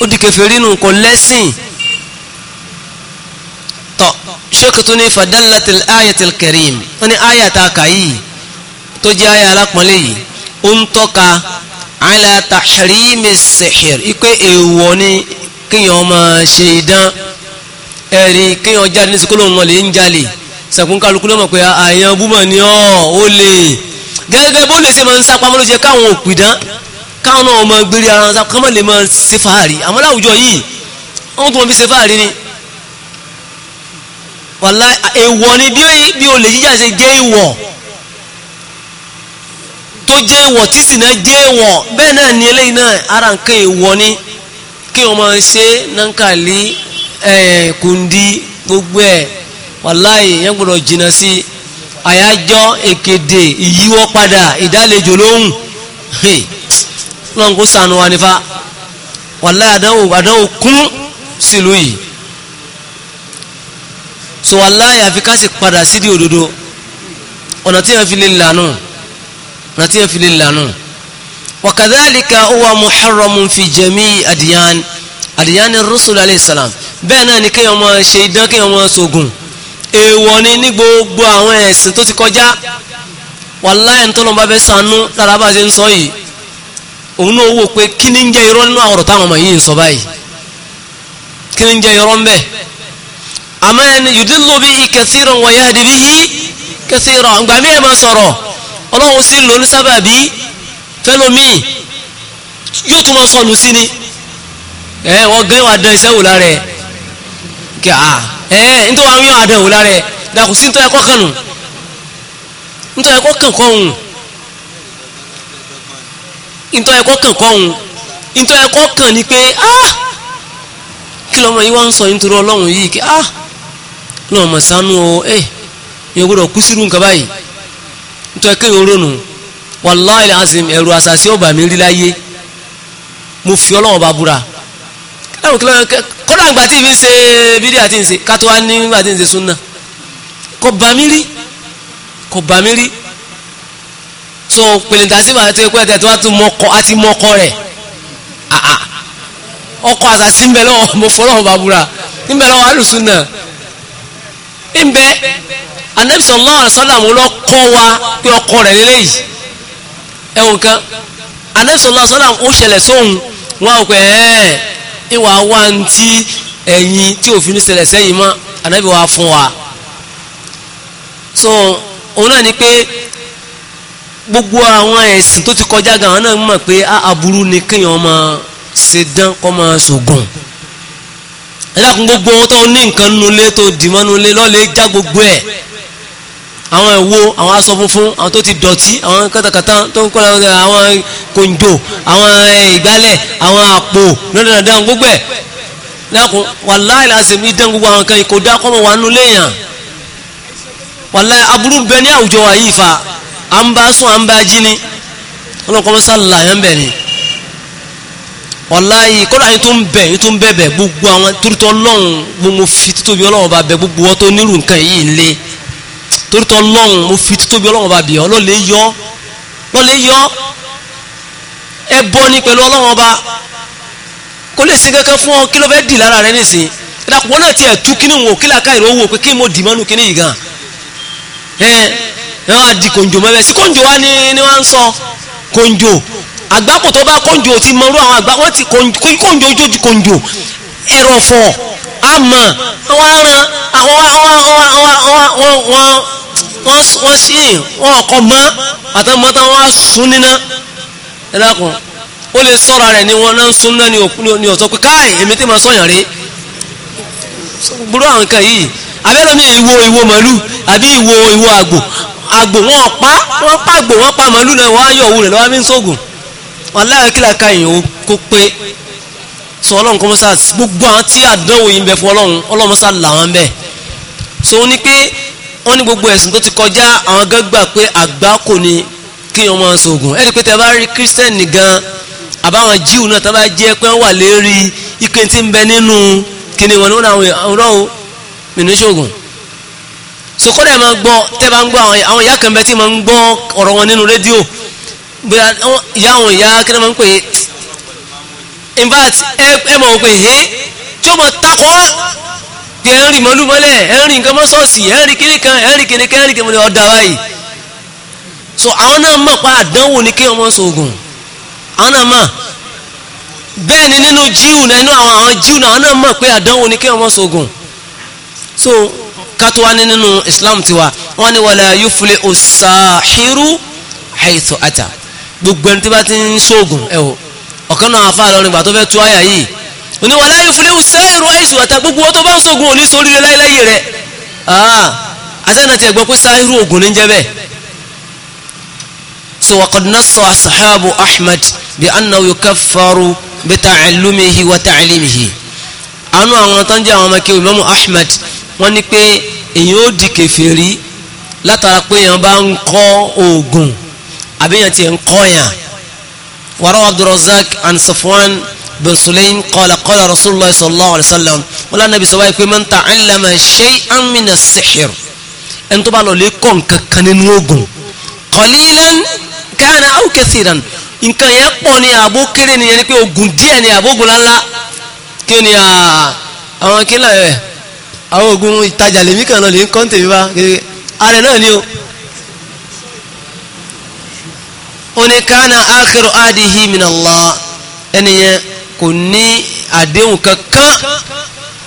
ó di kèfèrí nù kò lẹ́sìn tọ́ ṣókòtò ní fadallat al-ayat al-karim wọ́n ní àyà tá a kà yìí tó jẹ́ àyà alápọ̀nlé yìí ó ń tọ́ka ala tahrimi as-sihr ipe èèwọ̀ ni kéèyàn máa ṣe idán ẹ̀rí kéèyàn jáde ní sikolo wọn lè ń jalè sẹ̀kún lọ́mọ̀ pé àyàn ah, búmọ̀ ni ọ́ ó lè gẹ́gẹ́ bó lè ṣe máa ń sápamọ́ ló ṣe káwọn òpìdán káwọn náà ọmọ gbére ara wọn kọ́mọ̀ lè máa ṣe fàárì àmọ́ láwùjọ yìí wọ́n tún fi ṣe fàárì ni wàlá èèwọ̀ ni bí olè jíjà ṣe jẹ́ èèwọ̀ tó jẹ́ èèwọ̀ tí sì náà jẹ́ èèwọ̀ bẹ́ẹ̀ náà ni eléyìí náà ara nǹkan èèwọ̀ ni kí wọ́n máa ṣe náǹkàlí kùndí gbogbo ẹ̀ wàláì yẹn gbọ́dọ̀ jìnnà sí àyájọ́ èkéde ìyíwọ́ padà ìdálejò lóhùn lọ́n kó sànù wa nífa wàláì àdánwò àdánwò kún sílùú yìí so wàláì àfi ká sì padà sídìí òdodo ọ̀nà tí wọ́n fi lè lànà ọ̀nà tí wọ́n fi lè lànà wakadhalika huwa muharramun fi jami adiyan adiyan rusul alayhi salam bẹ́ẹ̀ náà ni kéèyàn máa ṣe idán kéèyàn máa ṣògùn èèwọ̀ ni ní gbogbo àwọn ẹ̀sìn tó ti kọjá wàláhì ẹni tọ́lọ́mọ bá fẹ́ sanú lára bá ṣe ń sọ yìí òun náà wò pé kí ni ń jẹ́ irọ́ nínú àwọn táwọn ọmọ yìí ń sọ báyìí kí ni ń jẹ́ irọ́ ń bẹ̀ àmọ́ ẹni yudillu bihi kathiran wa yahdi bihi kathiran ìgbà mí ẹ̀ máa sọ̀rọ̀ ọlọ́run sì lò ní sábàbí fẹ́lómi yóò tún máa sọnù sí ni ẹ̀ wọ́n gẹ́ wàá dán iṣẹ́ wò lára ẹ̀ kí a ẹ́ nítorí àwọn yóò àdẹ̀wò lára ẹ̀ dàkú sí nítorí ẹ̀kọ́ kan nù nítorí kan kọ́ pé ah kí lọ́mọ yìí ń ah! o ẹ̀ eh! gbọ́dọ̀ kú sírú nǹkan báyìí yóò rónù azim ẹ̀rù àṣàṣì ọ̀bà mi rí láyé mo fi ọlọ́run bá búra ẹ̀wọ̀n kí lọ́yọ̀ kọ́dà ìgbà tí fi ń se bídí àti ń ṣe kátó wá ní suna tí súnà kò bá mi rí kò bá mi rí so pèlèntà sí ìgbà tó yẹ pé ẹ̀tẹ̀ tó ọkọ tún mọ́kọ àti mọ́kọ rẹ̀ àà ọkọ̀ àṣà sí ń mo fọ́ lọ́wọ́ bàbúrà ń bẹ lọ́wọ́ àlùsúnà ń bẹ anabi sallallahu alaihi lọ wa pé ọkọ rẹ̀ lélẹ́yìí ẹ̀wọ̀n kan anabi sallallahu alaihi wasallam ó ṣẹlẹ̀ sóhun wọn ò pẹ́ ìwà wá ń tí ẹ̀yìn tí òfin ṣẹlẹ̀ sẹ́yìn mọ́ ànábì wa fún wa so òun náà ni pé gbogbo àwọn ẹ̀sìn tó ti kọjá gan àwọn náà mọ̀ pé aburú ni kéèyàn máa ṣe dán kọ́ máa ṣògùn ẹ̀dá kan gbogbo ohun tó ní nǹkan nulẹ̀ tó dìmọ́ nulẹ̀ lọ́ọ́ já gbogbo ẹ̀ àwọn ẹ̀wọ́ àwọn aṣọ funfun àwọn tó ti dọ̀tí àwọn kátàkátà tó ń kọ́ra àwọn kòǹjò àwọn ìgbálẹ̀ àwọn àpò lọ́dọ̀dọ̀ gbogbo ẹ̀ lẹ́kùn wàláì láti mi dán gbogbo àwọn kan kò dá kọ́mọ wà nù léèyàn wàláì aburú bẹ ní àwùjọ wa yìí fa à ń bá sùn à ń bá jí ni ọlọ́kọ́ mọ́sá làyàn bẹ̀ ni wàláyé kọ́dà yìí tó ń bẹ̀ yìí tó ń bẹ̀bẹ̀ gbogbo àwọn torítọ́ ọlọ́run gbogbo fi títóbi ọlọ́run bá bẹ gbogbo wọn tó nírú nǹkan yìí ń lé torítọ́ lọ́hùn mo fi títóbi ọlọ́run ọba bì ọ́ lọ́lẹ̀ yọ lọ́lẹ̀ yọ ẹ bọ́ ní pẹ̀lú ọlọ́run ọba kó lè sí kankan fún ọ kí ló fẹ́ dì lára rẹ nísìnyí ìdàpọ̀ náà tiẹ̀ tú kíní wò kí làákà ìró wò pé kí mo dì mọ́nu kíní yìí gan ẹ ẹ wá di kòǹjò mọ́ ẹ sí kòǹjò wa ni ni wọ́n ń sọ kòǹjò àgbákò tó bá kòǹjò ti mọ̀rú àwọn àgbá wọ́n ti kòǹjò ojú kòǹjò ẹ̀rọ̀fọ̀ àmọ́ wọ́n ran àwọn wọ́n sí wọ́n ọkọ̀ mọ́ àtàmọ́tà wọ́n á sún níná ẹ̀dàkùn ó lè sọ́ra rẹ̀ ni wọ́n náà ń sún náà ni ọ̀sọ́ pé káì èmi tí ma sọ́yàn rí gbúrú àwọn nǹkan yìí abẹ́lẹ́mí ìwo ìwo màálù àbí ìwo ìwo àgbò àgbò wọn pa wọn pa àgbò wọn pa màálù náà wọn á yọ òwú rẹ̀ lọ́wọ́ mi ń sóògùn wọn láyọ̀ kí làkà èèyàn kó pé so ọlọ́run kọ́ mọ́sá gbogbo àwọn tí àdánwò yìí ń bẹ fún ọlọ́run ọlọ́run mọ́sá làwọn bẹ̀ so ó ní pé wọ́n ní gbogbo ẹ̀sìn tó ti kọjá àwọn gan gbà pé àgbá kò ní kí wọ́n máa sògùn ẹ̀rí pé tẹ bá rí kírísítẹ́nì gan àbáwọn jíù náà tó jẹ́ pé wọ́n wà lérí ike tí ń bẹ nínú kíni wọn ní wọn àwọn ọlọ́run mìíràn sògùn so kọ́dà ẹ̀ máa gbọ́ tẹ́ bá ń gbọ́ àwọn ìyá kan bẹ tí máa ń gbọ́ ọ̀rọ̀ wọn nínú rédíò bóyá ìyá àwọn ìyá kí in fact ẹ mọ̀ pé he eh, tí ó mọ̀ takọ́ pé ẹ̀ ń rìn mọ́lú mọ́lẹ̀ ẹ̀ ń rìn nǹkan mọ́ sọ́ọ̀sì ẹ̀ ń kan ẹ̀ ń kan ẹ̀ ń ọ̀dà báyìí so àwọn náà mọ̀ pa àdánwò ní kí ọmọ sọ̀gùn àwọn náà mọ̀ bẹ́ẹ̀ ni nínú jíù náà inú àwọn àwọn jíù náà àwọn náà mọ̀ pé àdánwò ní kí ọmọ sọ̀gùn so kátó wá ní nínú Islam tiwa wọ́n ní wala yuflihu sahiru haythu ata gbogbo ẹni tí bá ti ń sọ̀gùn ẹ̀ o ọ̀kan náà afá lọrin gbà tó fẹ́ tú àyà yìí oníwà láyé fúlé ṣẹ́ ìrọ̀ àìsù àtà gbogbo ọtọ́ bá ń sọ̀gùn òní sórí rẹ láyé rẹ àṣẹ́nà ah, ti ẹ̀gbọ́n pé sáírù ògùn ní jẹ́ bẹ́ẹ̀ so waqad nassa asahabu Ahmed bi annahu yukaffaru bi ta'allumihi wa ta'limihi anu àwọn tán jẹ́ àwọn ọmọ kéwì mọ́mú ahmad wọ́n ní pé èyàn ó di kèfèrí látara pé èyàn bá ń kọ́ oògùn àbí ti ń kọ́ yàn وروى عبد الرزاق عن صفوان بن سليم قال قال رسول الله صلى الله عليه وسلم ولا النبي صلى الله عليه وسلم من تعلم شيئا من السحر انتو بالو ليكون ككنين وغن قليلا كان او كثيرا ان كان يقوني ابو كرين يعني كي اوغن دي يعني ابو غن لا كين يا awon kila e awon ogun itaja lemi kan lo le n kon temi ba are na oni kana akhiru adihi min Allah ẹniyẹn kò ní àdéhùn kankan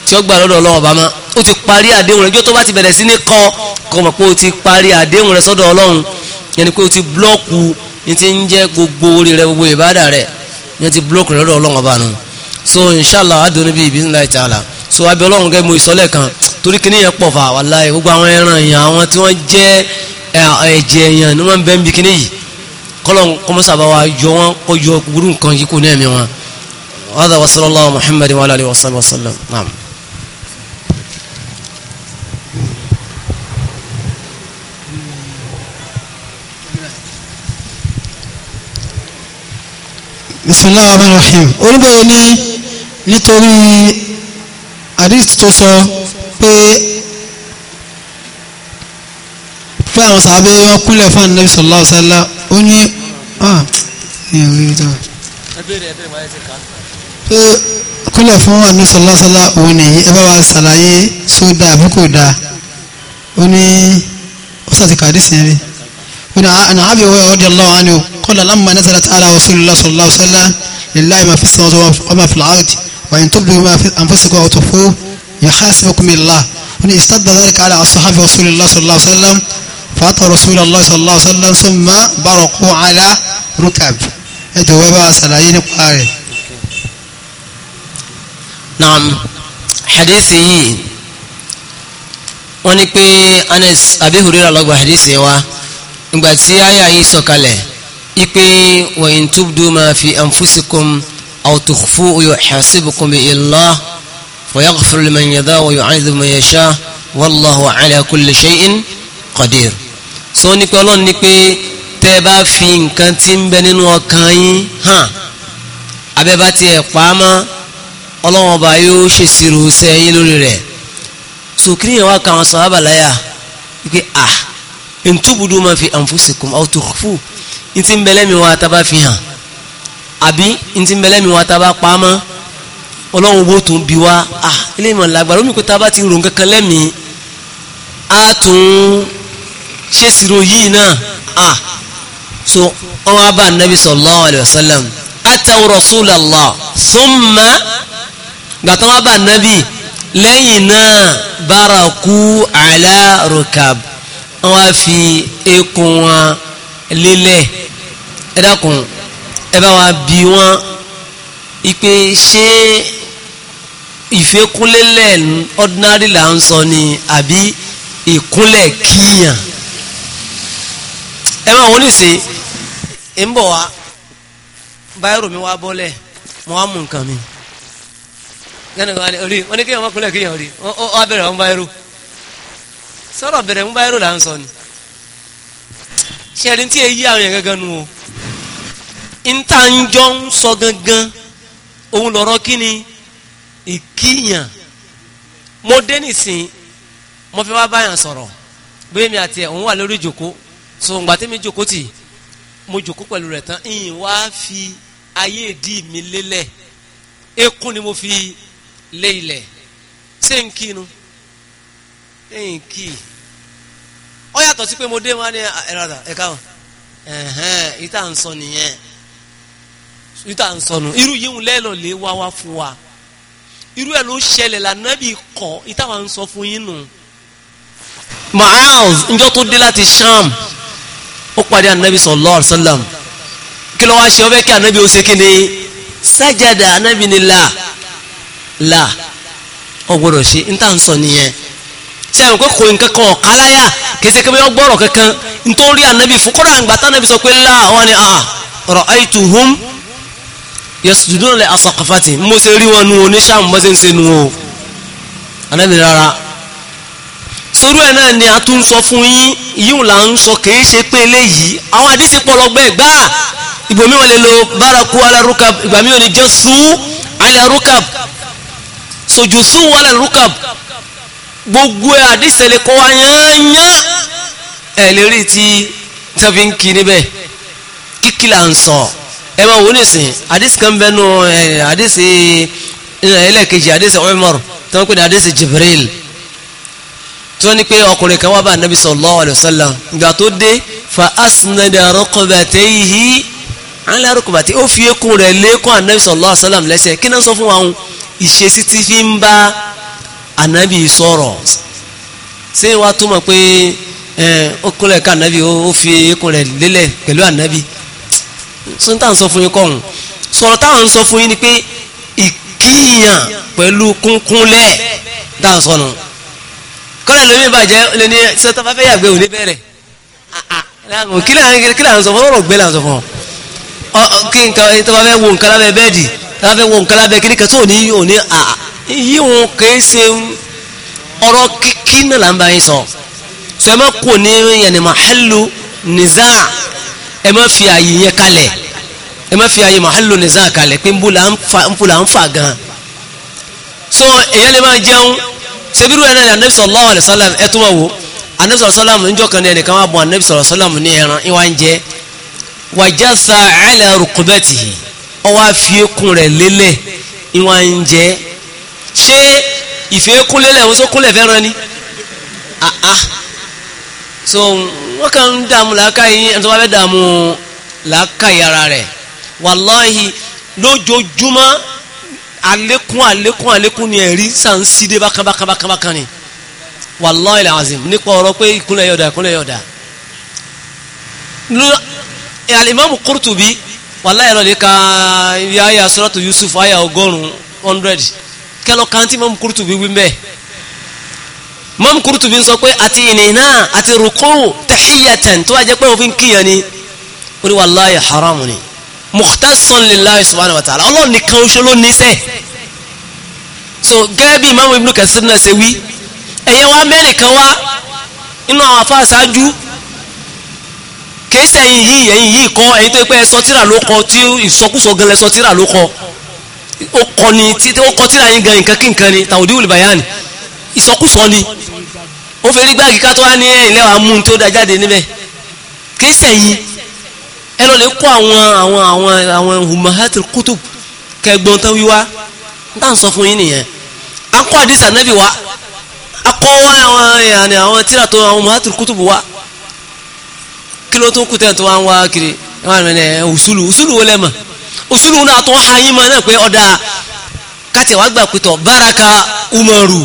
tí ó gbà lọ́dọ̀ ọlọ́run ọba mọ́ ó ti parí àdéhùn rẹ̀ jọ́ tó bá ti bẹ̀rẹ̀ sí ní kọ́ kọ́ mọ̀ pé ó ti parí àdéhùn rẹ̀ sọ́dọ̀ ọlọ́run yẹn ni pé ó ti blọ́ọ̀kù ní ti ń jẹ́ gbogbo orí rẹ̀ gbogbo ìbádà rẹ̀ yẹn ti blọ́ọ̀kù rẹ̀ lọ́dọ̀ ọlọ́run ọba nù so inshallah adùn bíi ibi ńlá ìtàlá so abẹ ọlọ́run gẹ́gẹ́ mo ìsọ́lẹ̀ kan torí kíní yẹn pọ̀ fà wàláyé gbogbo àwọn ẹran èèyàn àwọn tí wọ́n jẹ́ ẹ̀jẹ̀ èèyàn ni wọ́n bẹ́ ń bi kíní yìí kọ́lọ́n kọ́mọ́sàbá wa yọ wọn kọ́ yọ gbúrú nǹkan yìí kò ní ẹ̀mí wọn. هذا وصلى الله محمد وعلى اله وصحبه وسلم نعم bisimilahi rahman rahim olùbẹ̀rẹ̀ ní nítorí hadith tó sọ pé pé àwọn sàbẹ̀ wọn kúnlẹ̀ fún anabi sallallahu alayhi wa sallam ó ní ah ní orí ìjọ. pé kúlẹ̀ fún àmì sọlásọlá òun nìyí ẹ bá wa ṣàlàyé só dáa àbí kò dáa ó ní ó sàtìkàdí sí rí ó ní àná àbí òwe ọ̀dẹ̀ lọ́wọ́ á ní o kọ́lá lámà nẹ́sàlá tí ara wọ́sùn lọ́wọ́ sọlá sọlá lillahi ma fi sọ́wọ́ ọmọ fìlàáwìtì wà ní tóbi ma fi àǹfọ̀sìkọ̀ ọ̀tọ̀ fún yàhásíbùkúmìlá ó ní ìsítàdà dáríkà ara àṣọ فاتى رسول الله صلى الله عليه وسلم ثم برقوا على ركب ادوبا سلايين قاري نعم حديثي وني بي انا ابي هريره لو حديثي وا نغبتي ايا يي سوكاله يبي وان تبدو ما في انفسكم او تخفوا يحاسبكم به الله ويغفر لمن يذا ويعذب من يشاء والله على كل شيء قدير so ní pé ọlọ́run ní pé tẹ́ ẹ bá fi nǹkan tí ń bẹ nínú ọkàn yín hàn abẹ́ bá tiẹ̀ pa á mọ́ ọlọ́run ọba yóò ṣèṣirò sẹ́yìn lórí rẹ̀ so kí nìyẹn wá ka àwọn sọ̀rọ̀ láyà wípé à ntúbùdù máa fi anfusikum aw tukhfu ntí ń bẹ lẹ́mi wa tá a bá fi hàn àbí ntí ń bẹ lẹ́mi wa tá a bá pa á mọ́ ọlọ́run wo tún bi wá à eléyìí mọ̀ lágbára omi kò tá a bá ti rò nǹkan kan lẹ́mìí á tún ṣé sírò yìí náà à so ọwọ́ abá anabi sallallahu alayhi wa sallam ataw rasulallah thumma gbàtà wọn abá anabi lẹ́yìn náà baraku ala rukab wọn fi eékún wọn lélẹ̀ ẹ dákun ẹ bá wa bí wọn ipe ṣé ìfẹ́kúnlélẹ̀ ordinary là ń sọ ni àbí ìkúnlẹ̀ kíyàn ẹ máa wọ́n nísìn ń bọ̀ wá báyìrò mi wá bọ́lẹ̀ mo wá mú nǹkan mi lẹ́nu kan ní orí wọ́n ní kéèyàn mọ́kúnlẹ̀ kéèyàn rí ó bẹ̀rẹ̀ ń báyìrò sọ̀rọ̀ bẹ̀rẹ̀ ń báyìrò là ń sọ ni ṣe ẹ̀rí tí èyí àwọn yẹn gangan nu o níta ń jọ ń sọ gangan òun lọ́rọ́ kí ni ìkíyàn mo dé nìsín mo fi wá báyàn sọ̀rọ̀ bóyá mi àti ẹ̀ òun wà lórí ìjòkó so ǹgbà tí mi jòkó tì mo jòkó pẹ̀lú rẹ̀ tán ìyìn wá fi ayé ìdí mi lélẹ̀ eékún ni mo fi lé ilẹ̀ ṣé n kí nu ẹ̀yìn kí ọ yàtọ̀ sí pé mo dé wọn ní ah, ẹ̀rọ̀dà ẹ̀ka wọn ẹ̀hẹ́n ìta ń sọ nìyẹn ìta ń sọnù irú yìí ń lẹ́lọ̀ lé wá wá fún wa irú ẹ̀ ló ṣẹlẹ̀ lànàbì kọ́ ìta wà ń sọ fún yín nù. Maaz njọ́ tó dé láti Sham ó pàdé anabi sallallahu alaihi wasallam kí ló wá ṣe ó fẹ́ kí anabi ó ṣe kí ni sájàdà anabi ni la la ó gbọ́dọ̀ ṣe n ta n sọ nìyẹn ṣe àwọn pé kò nǹkan kan ọ̀káláyà kèsì kébé ó gbọ́rọ̀ kankan nítorí anabi fún kọ́dà àgbà tá anabi sọ pé la wọn ni ah ra'aytuhum yasjuduna li asaqafati mo ṣe rí wọn nu oníṣàmù bá ṣe ń ṣe nu o anabi rárá irú ẹ̀ náà ni a tún sọ fún yín yíò là ń sọ kìí ṣe pé eléyìí àwọn àdísí pọlọgbẹ́ gbá ìgbòmí wọn lè lo bárakú alárúkab ìgbàmí wọn ni jésù alárúkab sojúsù alárúkab gbogbo ẹ̀ àdísí lè kọ́ wa yányá ẹ̀ lè rí ti tẹ́fí ń kí níbẹ̀ kíkí là ń sọ ẹ máa wò nísìn àdísí kan bẹ́ẹ̀ nù àdísí ẹlẹ́ẹ̀kejì àdísí Umar tó ń pè ní àdísí Jibril tó ní pé ọkùnrin kan wá bá anabi sallallahu alayhi sallam ìgbà tó dé fa asnada rukbatayhi ala rukbati ó fi eékún rẹ̀ lékún anabi sallallahu alayhi sallam lẹ́sẹ̀ kí náà sọ fún wa ìṣesí tí fi ń bá anabi sọ̀rọ̀ ṣé wàá túmọ̀ pé ó kúnlẹ̀ ká anabi ó fi eékún rẹ̀ lélẹ̀ pẹ̀lú anabi sọ́n táwọn sọ fún yín kọ́hún sọ̀rọ̀ táwọn sọ fún yín ni pé ìkíyàn pẹ̀lú kúnkúnlẹ̀ dáhùn sọ̀nù kọ́lá lómi bàjẹ́ lè ní sọ́tọ́ bá fẹ́ yàgbẹ́ òní bẹ̀rẹ̀ ah, ah, kí là ń sọ fún ọ̀rọ̀ gbẹ́ là ń sọ fún ọ kí nǹkan tó bá fẹ́ wo nǹkan lábẹ́ bẹ́ẹ̀dì tó bá fẹ́ wo nǹkan lábẹ́ kí ní kẹtọ́ òní ah, òní à yíwọn kìí ṣe ọ̀rọ̀ kíkí náà là ń bá yín sọ sọ ẹ má kò ní yẹnì màhálù nìzá ẹ má fi àyè yẹn kalẹ̀ ẹ má fi àyè màhálù nìzá kalẹ̀ pé ń ń fà gan so èèyàn lè máa jẹun sebiru ẹ̀nà ni anabi sallallahu alayhi wa sallam ẹ̀ tún wà wò anabi sallallahu alayhi wa sallam níjọ́ kan ní ẹnìkan wà bọ̀ anabi sallallahu alayhi wa sallam ní ẹran ìwà ń jẹ́ wàjásá ala rukubatihi ó wá fi eékún rẹ̀ ìwà ń jẹ́ ṣé ìfẹ́ eékún lélẹ̀ ń sókúnlẹ̀ ni àá so wọ́n kàn ń dààmú làákàyè ẹni tó bá fẹ́ dààmú làákàyè ara rẹ̀ wàláhì lójoojúmọ́ àlékún àlékún àlékún ni ẹ̀rí sàn sí dé bákan bákan bákan ni wallahi alazim nípa ọ̀rọ̀ pé ìkúnlẹ̀ yọ̀dà ìkúnlẹ̀ yọ̀dà alimami Qurtubi wallahi lọ́ọ́ de ka ibi aya suratu Yusuf aya ọgọ́rùn-ún hundred kẹlọ kanti tí imam Qurtubi wí mbẹ́ imam Qurtubi sọ pé àti ìnìyàn àti rukuu tahiyatan tó wàá jẹ́ pé òfin kíyàn ni ó ní haramu ni mukhtasan lillahi subhanahu wa ta'ala ọlọ́run nìkan oṣù ló ní sẹ́ so gẹ́gẹ́ bí imaamu ibnu kasir náà ṣe wí ẹ̀yẹ wa mẹ́rin kan wá inú àwọn afá ṣáájú kèésì ẹ̀yìn yìí ẹ̀yìn yìí kọ́ ẹ̀yìn tó pẹ́ sọ tíra ló kọ tí ìsọkúsọ gan lẹ ló kọ ó kọ ni tí ó kọ tíra yín gan nǹkan kí nǹkan ni Tawdiul Bayan ìsọkúsọ ni ó fẹ́ rí gbáàgì ká tó wá ní ẹ̀yìn lẹ́wàá mú un tó da jáde níbẹ̀ kèésì ẹ̀yìn ẹ lọ lè kó àwọn àwọn àwọn àwọn humahatul kutub kẹgbọn tó wíwá n tà ń sọ fún yín nìyẹn à ń kọ́ àdìsí ànábì wa a kọ́ wá àwọn ìyàní àwọn tíra tó àwọn humahatul kutub wa kí tó kù tó wá wá kiri ẹ wà lónìí ẹ usulu usulu wọlé mọ̀ usulu náà tó ń ha yín mọ̀ náà pé ọ̀dà kátì wàá gbà pé baraka umaru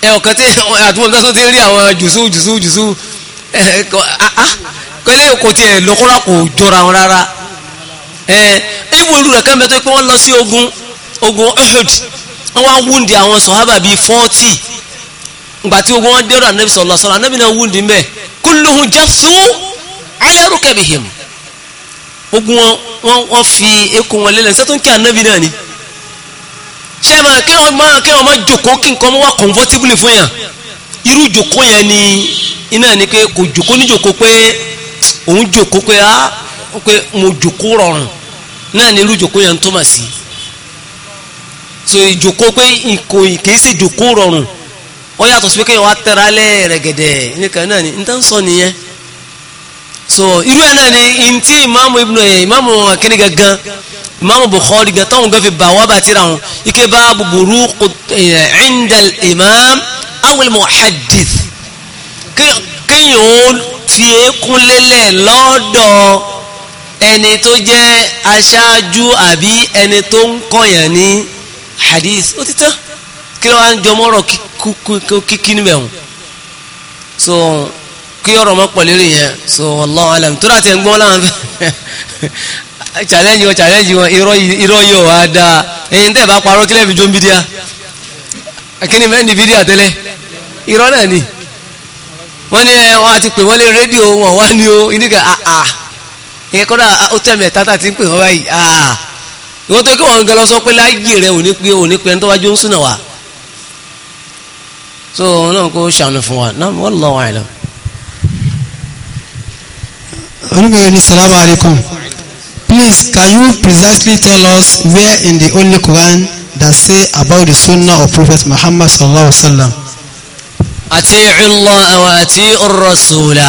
ẹ ọ̀kan tí àtúmọ̀ nígbà tó ti rí àwọn jùsù jùsù jùsù ẹ ah ah. kẹlẹ́ kò tiẹ̀ lọ́kọ́rọ́ kò jọra wọn rárá ẹ̀ ẹ̀wọ̀n olú rẹ̀ kẹ́mbẹ́ pé lọ sí ogun ogun ehud wọ́n wá wúndì àwọn sọ̀hábà bíi mgbati ogun wọn dẹ́rọ anabi sọ̀lọ́ sọ̀rọ̀ anabi náà wúndì ń bẹ̀ kulluhum ogun wọn fi eékún wọn lélẹ̀ sẹ́tún kí anabi náà ni kí wọn máa kí wọn máa jòkó kí nǹkan wọn wá fún yàn irú jòkó yẹn ni iná ni pé kò jòkó pé òun jòkó pé á ah, pé mo jòkó rọrùn náà ni irú jòkó yẹn ń túmọ̀ sí so ìjòkó pé ìkò kìí sì jòkó rọrùn ó yàtọ̀ sí pé kéèyàn wá tẹ̀ra lẹ́ rẹ̀gẹ̀dẹ̀ nìkan náà ni n tẹ́ ń sọ nìyẹn so irú ẹ̀ náà ni ntí ìmáàmù ibnu ẹ̀ ìmáàmù kíni gangan ìmáàmù Bukhari gan táwọn gan fi bà wá bá tíra wọn ike bá búburú eh, indal imam awil muhaddith kéèyàn ó fi eékún lélẹ̀ lọ́dọ̀ ẹni tó jẹ́ aṣáájú àbí ẹni tó ń kọ̀yàn ní hadith ó ti tán kí ló wá ń jọmọ́rọ̀ kíkí níbẹ̀ hùn so kí ọ̀rọ̀ mọ́ pọ̀ lérí yẹn so Allah alam tó láti ẹ̀ ń gbọ́n láwọn fẹ́ challenge wọn challenge wọn irọ́ yìí ò wá dáa ẹ̀yin tẹ́ ẹ̀ bá parọ́ kílẹ̀ fi jó ń bídíà kí ni mẹ́rin bídíà tẹ́lẹ̀ irọ́ náà ni wọ́n ní ẹ wọ́n ti pè wọ́n lé rédíò wọn wá ní o ìdíkà àà ah, ah. ìyẹn kọ́dà ah, ó tẹ̀mẹ̀ tata ti ń pè wọ́n báyìí àà ìwọ́n tó kí wọ́n gan lọ sọ pé láyé rẹ òní pé òní pé ẹni tó wájú ń súnà wá so wọn náà kó ṣàánú fún wa náà wọ́n lọ wọn àìlọ. olùbẹ̀rẹ̀ ni salamu alaykum please can you precisely tell us where in the Holy Quran that say about the sunnah of Prophet Muhammad sallallahu alaihi wa sallam. أتيعوا الله وأتيعوا الرسول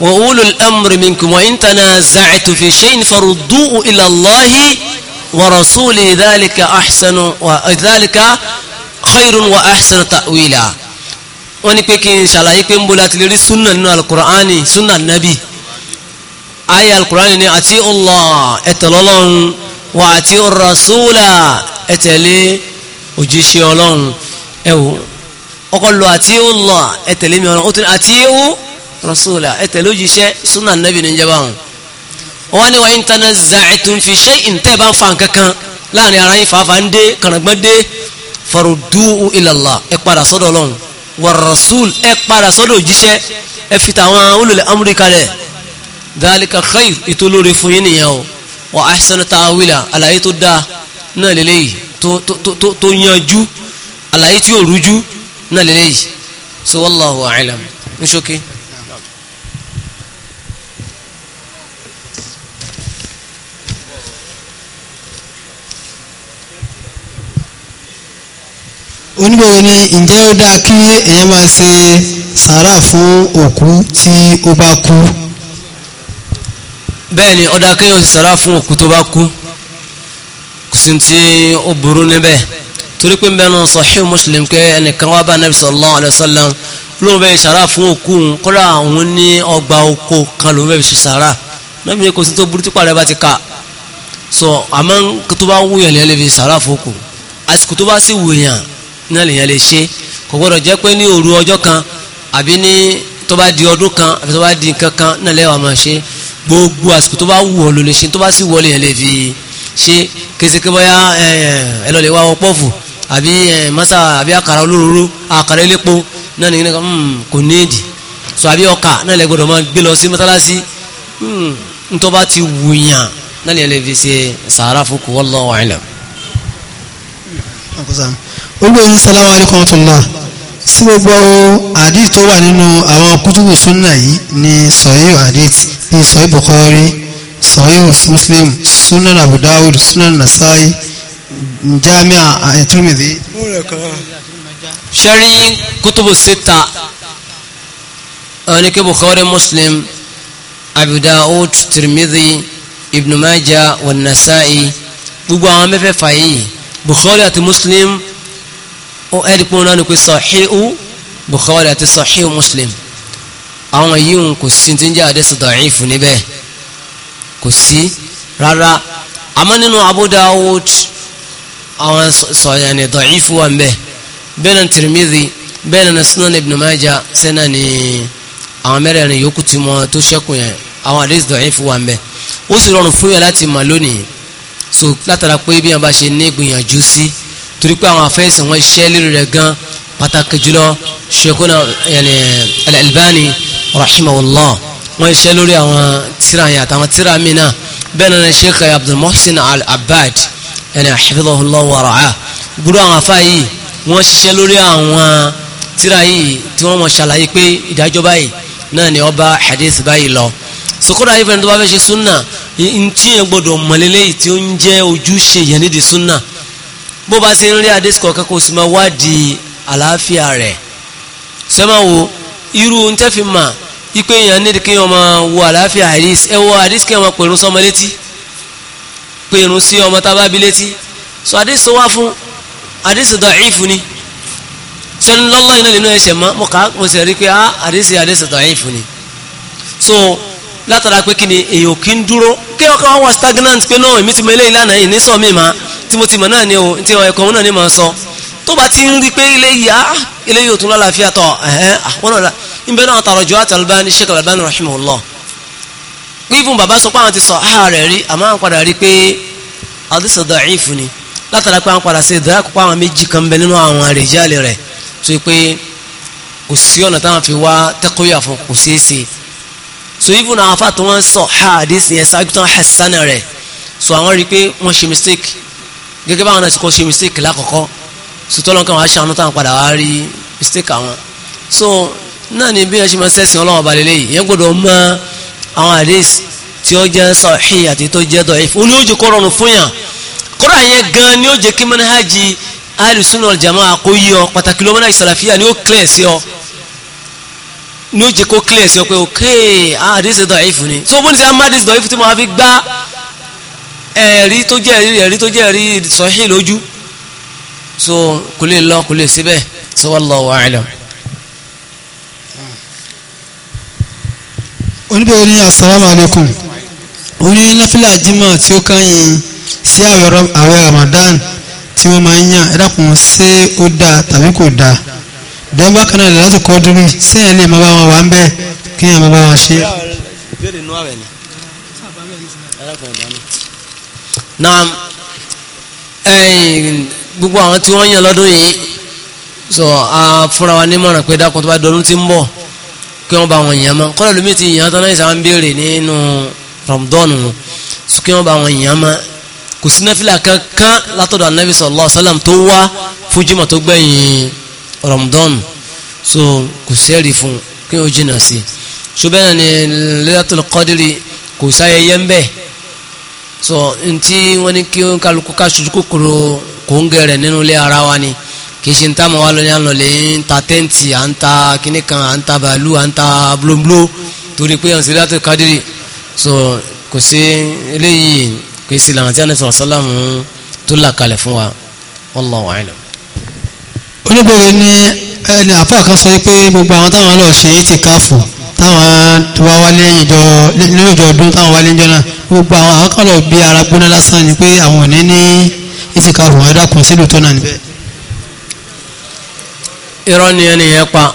وأولو الأمر منكم وإن تنازعت في شيء فردوه إلى الله ورسوله ذلك أحسن وذلك خير وأحسن تأويلا wọ́n ní pé kí n ṣàlàyé pé ń bó láti lè rí súnà nínú alukur'ani súnà nabi ayé alukur'ani ni àti Allah ẹ̀tẹ̀lọ́lọ́run wà àti rasúlà ẹ̀tẹ̀lé òjíṣẹ́ ọlọ́run ẹ̀wọ̀n ọkọ̀ lọ àti ó lọ ẹ tẹ̀lé mi ọ̀nà ó tún àti ó rasúlà ẹ tẹ̀lé òjíṣẹ́ súnà nàbì ní ìjẹba hàn wọ́n ní wa in tanaza'tum fi shay'in tẹ́ bá fa nǹkan kan láàrin ara yín fàáfàá ń dé kànáńgbọ́n dé farudduhu ila Allah ẹ padà sọ́dọ̀ ọlọ́run wa rasul ẹ padà sọ́dọ̀ òjíṣẹ́ ẹ fi tàwọn olùlẹ̀ amúríkà rẹ̀ dhalika khair ètò olóore fún yín nìyẹn o wa ahsanu ta'wila àlàyé tó dáa náà lélẹ́yìí tó yanjú àlàyé tí yóò rújú náà lè léyìí so wallahu a'lam ní ṣókè. oníbẹ̀rẹ̀ ni ǹjẹ́ ó dáa kí èèyàn máa ṣe sàárà fún òkú tí ó bá kú. bẹ́ẹ̀ ni ó dáa kéèyàn ṣe sàárà fún òkú tó bá kú kò sí ti ó burú níbẹ̀ torí pé mbẹ́nu Sahih Muslim pé ẹnìkan wá bá Nabi sallallahu alaihi wasallam lóun bẹ́ẹ̀ sàrà fún òkú kọ́ra àwọn ní ọgbà oko kan lóun bẹ́ẹ̀ fi sàrà Nabi kò sí tó burú típa rẹ̀ bá ti kà so àmọ́ tó bá wúyàn lẹ́yìn lè fi sàrà fún òkú àsìkò tó bá sì wúyàn náà lèyàn lè ṣe kò gbọ́dọ̀ jẹ́ pé ní òru ọjọ́ kan àbí ní tó bá di ọdún kan àbí tó bá di nǹkan kan náà lẹ́wàá máa ṣe gbogbo àsìkò tó bá wù ọ́ àbí ẹ masa àbí àkàrà olóróró àkàrà elépo náà ní hmm, kò níìdì so àbí ọkà náà lẹ gbọ́dọ̀ máa gbé lọ sí mọ́tálásí hmm, ntọ́ba ti wùyàn náà lè fi ṣe sàárà fún kò wallahu a'lam. olùwẹ̀yìn salamu alaykum wa rahmatulah sí gbogbo hadith tó wà nínú àwọn kútùbù sunna yìí ní sahih hadith ní sahih bukhari sahih muslim sunan abu dawud sunan nasai jami'a Tirmidhi sharin kutubu sita onike Bukhari Muslim Abu Dawud Tirmidhi Ibn Majah wa Nasa'i gbogbo àwọn mẹ́fẹ̀ẹ̀fà yìí Bukhari àti Muslim ó ẹ̀rí pé wọn ní Sahihu Bukhari àti Sahihu Muslim àwọn yìí kò sí ti ń jẹ́ àdéṣe da'ifu níbẹ̀ kò sí rárá àmọ́ nínú Abu Dawud àwọn sọ̀yàn ní dọ̀ífù wà ń bẹ̀ bẹ́ẹ̀ náà Tirmidhi bẹ́ẹ̀ náà Sunan Ibn Majah sẹ́nà ní àwọn mẹ́rẹ̀ẹ̀rin yòókù tí mo tó ṣẹ́kù yẹn àwọn àdéhùn dọ̀ífù wà ń bẹ̀ ó sì rọrùn fún yẹn láti mà lónìí so látara pé bí wọn bá ṣe ní gbìyànjú sí torí pé àwọn afẹ́sẹ̀ wọn ṣiṣẹ́ lérí rẹ̀ gan pàtàkì jùlọ Sheikhuna yani Al-Albani rahimahullah wọn ṣiṣẹ́ lórí àwọn tíra yẹn àtàwọn tíra mìíràn bẹ́ẹ̀ náà Sheikh Abdul Muhsin Al-Abbad ẹni hafidhahullahu wa ra'ah gbúdọ̀ àwọn afá yìí wọ́n ṣiṣẹ́ lórí àwọn tíra yìí tí wọ́n mọ̀ ṣàlàyé pé ìdájọ́ báyìí náà ni ọba hadith báyìí lọ sokoda yìí fẹ́ni tó bá fẹ́ ṣe sunna ntí yẹn gbọ́dọ̀ mọ̀lélẹ́ yìí tí ó ń jẹ́ ojúṣe yẹn nídìí sunna bó bá ṣe ń rí hadith kọ̀ọ̀kan kò sì máa wádìí àlàáfíà rẹ̀ sẹ́mà irú ntẹ́fìmà ipe yẹn nídìí pe irun sí ọmọ tá bi létí so àdìsí wá fún àdìsí dọ̀ífù ni sẹ́ni lọ́lọ́ iná nínú ẹ̀ṣẹ̀ mọ́ mo kà á mo sì rí pé àdìsí àdìsí dọ̀ífù ni so látara pé kí ni èèyàn kí ń dúró kí ọkọ̀ wọn wà stagnant pé náà èmi ti mọ eléyìí lánàá yìí ní mi mà tí mọ̀ náà ni o ti ẹ̀kọ́ náà ni mà sọ tó bá ti ń rí pé eléyìí á ah, eléyìí ò tún lọ́la fi àtọ̀ ẹ̀hẹ́n ah, àwọn náà ń náà tààrọ̀ jù àtàlùbáni Sheikh Albani pé ibùn bàbá sọ pé àwọn ti sọ áhà rẹ̀ rí àmọ́ àwọn padà rí pé àdìsọ̀ da'if ni látara pé àwọn padà sí ìdá kópa àwọn méjì kan bẹ nínú àwọn àrèjálè rẹ̀ tó pé kò sí ọ̀nà táwọn fi wá tẹ́kọ̀ọ́yà fún kò sí èsì so ibùn àwọn afá tó wọ́n sọ ha àdìs yẹn ṣáájú tán hasana rẹ̀ so àwọn rí pé wọ́n ṣe mistake gẹ́gẹ́ báwọn náà ti kọ́ ṣe mistake lákọ̀ọ́kọ́ so tọ́lọ́nkàn wàá ṣàánú táwọn padà wá rí mistake àwọn so náà ni bí wọ́n ṣe máa ṣẹ́sìn ọlọ́wọ́ balẹ̀ lẹ́yìn yẹn gbọ́dọ̀ máa àwọn àdéhìsì tí ó jẹ́ sahih àti tó jẹ́ da'if ó ní ó jẹ́ kó rọrùn fún yàn kódà yẹn gan ni ó jẹ́ kí manhaji ahlu sunna wal jamaa kó yí ọ pàtàkì lọ́mọdé ìsàlàfíà ni ó clear sí ọ ní ó jẹ́ kó clear sí ọ pé ok àdéhìsì da'if ni tí wọ́n bó ní sẹ́ amadis da'if tí mo máa fi gbá ẹ̀rí tó jẹ́ ẹ̀rí tó jẹ́ ẹ̀rí sahih lójú so kò lè lọ kò lè síbẹ̀ so wallahu a'lam oníbẹ̀rẹ̀ ní asalaamu alaykum oní náfìlà jimá tí ó kányìn sí àwẹ̀ Ramadan tí wọ́n máa ń yàn ẹ dákun ṣé ó dáa tàbí kò dáa dẹ́n bákan náà láti kọ́ dúró sẹ́yìn lè máa bá wọn wà ń bẹ́ẹ̀ kí èèyàn máa bá wọn ṣe. naam gbogbo àwọn tí wọ́n yàn lọ́dún yìí sọ àfúnra wa nímọ̀ràn pé dákun tó bá dọdún tí ń bọ̀ kí wọ́n bá wọn yàn mọ́ kọ́lá lómi ti yàn tán náà ìsàwọn béèrè nínú rọ̀mùdọ́nù so kí wọ́n bá wọn yàn mọ́ kò sí náfìlà kankan látọ̀dọ̀ anabi sallallahu alaihi wasallam tó wá fún tó gbẹ̀yìn rọ̀mùdọ́nù so kò sẹ́ẹ̀rì fún kí wọ́n jìnnà sí i ṣùgbọ́n ní Lailatul Qadri kò sáyẹyẹ ń bẹ́ẹ̀ so ntí wọ́n ní kí kálukú ká ṣojú kòkòrò kòńgẹ̀ rẹ̀ nínú ilé ara wa ni kìí ṣe ń tá mọ̀ wá lọ́lẹ́ à ń lọ́lẹ́ ń ta tẹ́ǹtì à ń ta kíní kan à ń ta bàálù à ń ta blóbló torí pé ọ̀sẹ̀ látò kádìrì so kò sí eléyìí kò sí làwọn tí a ní sọ̀rọ̀ sálàmù tó là kalẹ̀ fún wa wallahu a'lam. oníbèrè ní ẹni àfọ kan sọ pé gbogbo àwọn táwọn lọ ṣe é ti káfù táwọn wá wálé ìjọ nínú ìjọ ọdún táwọn wálé ìjọ náà gbogbo àwọn àwọn kan lọ bí ara gbóná lásán ni pé àwọn ò ní ní ìsìnkà rò wọn sílùú tó náà níbẹ̀ irọ́ ni ẹni yẹn pa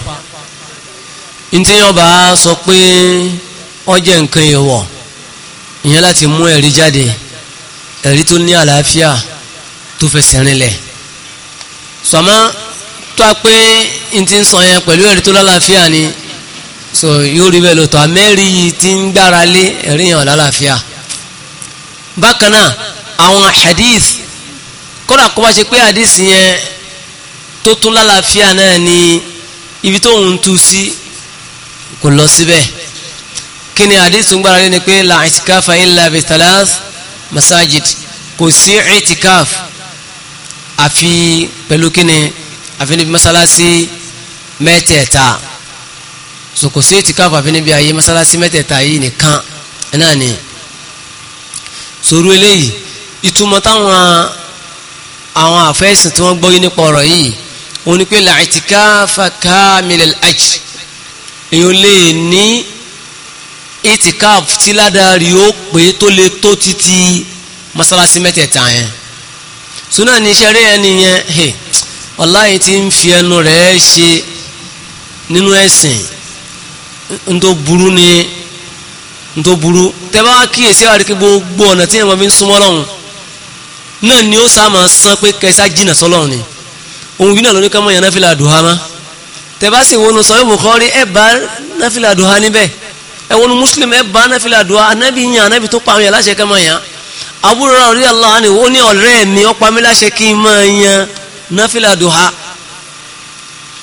ntí yẹn bá sọ pé ọjẹ́ nǹkan ìwọ̀ ìyẹn láti mú ẹ̀rí jáde ẹ̀rí tó ní àlàáfíà tó fẹsẹ̀ rinlẹ̀ sọmọ́ tó a pé ntí ń sọ yẹn pẹ̀lú ẹ̀rí tó lálàáfíà ni so yóò rí bẹ́ẹ̀ lóòótọ́ amẹ́rí yìí ti ń gbára lé ẹ̀rí yẹn lálàáfíà bákan náà àwọn hadith kódà kó bá ṣe pé hadith yẹn tó tún lálàáfíà náà ni ibi tó ń tu sí kò lọ síbẹ̀ kí ni àdísù ń gbára lé ni pé la ìtìkáfà illa bi thalath masajid kò sí ìtìkáf àfi pẹ̀lú kí ni àfi níbi masalasi mẹ́tẹ̀ẹ̀ta so kò sí ìtìkáf àfi níbi ayé masalasi mẹ́tẹ̀ẹ̀ta yìí nìkan náà ni sòrú eléyìí ìtumọ̀ táwọn àwọn àfẹ́sìn tí wọ́n gbọ́ yìí nípa ọ̀rọ̀ yìí òun ni pé làìtìkáfà káàmìlẹ̀ àjì èèyàn lè ní t'i tí ládàrí ó to tó lè tó títí masalasi mẹ́tẹ̀ẹ̀ta yẹn sùnà ní iṣẹ́ yẹn he tí ń fi ẹnu rẹ̀ ṣe nínú ẹ̀sìn ntó burú ni ntó burú kíyèsí àríkí gbogbo ọ̀nà tí yẹn máa fi ń súnmọ́ lọ́hùn náà ni ó sá máa san pé kẹsà sọ́lọ́hùn ni. òun yìí náà ló ní ká mọ̀ yẹn náfìlà dùhà má tẹ̀bá sì wọnú sọ ẹ̀bùn kọ́ rí náfìlà dùhà níbẹ̀ ẹ̀wọ̀n muslim ẹ̀bá náfìlà dùhà anábì yàn anábì tó pààyàn láṣẹ ká mọ̀ yàn àbúrò rà rí aláwa ni ó ní ọ̀rẹ́ mi ó pa mí láṣẹ kí n máa yan náfìlà dùhà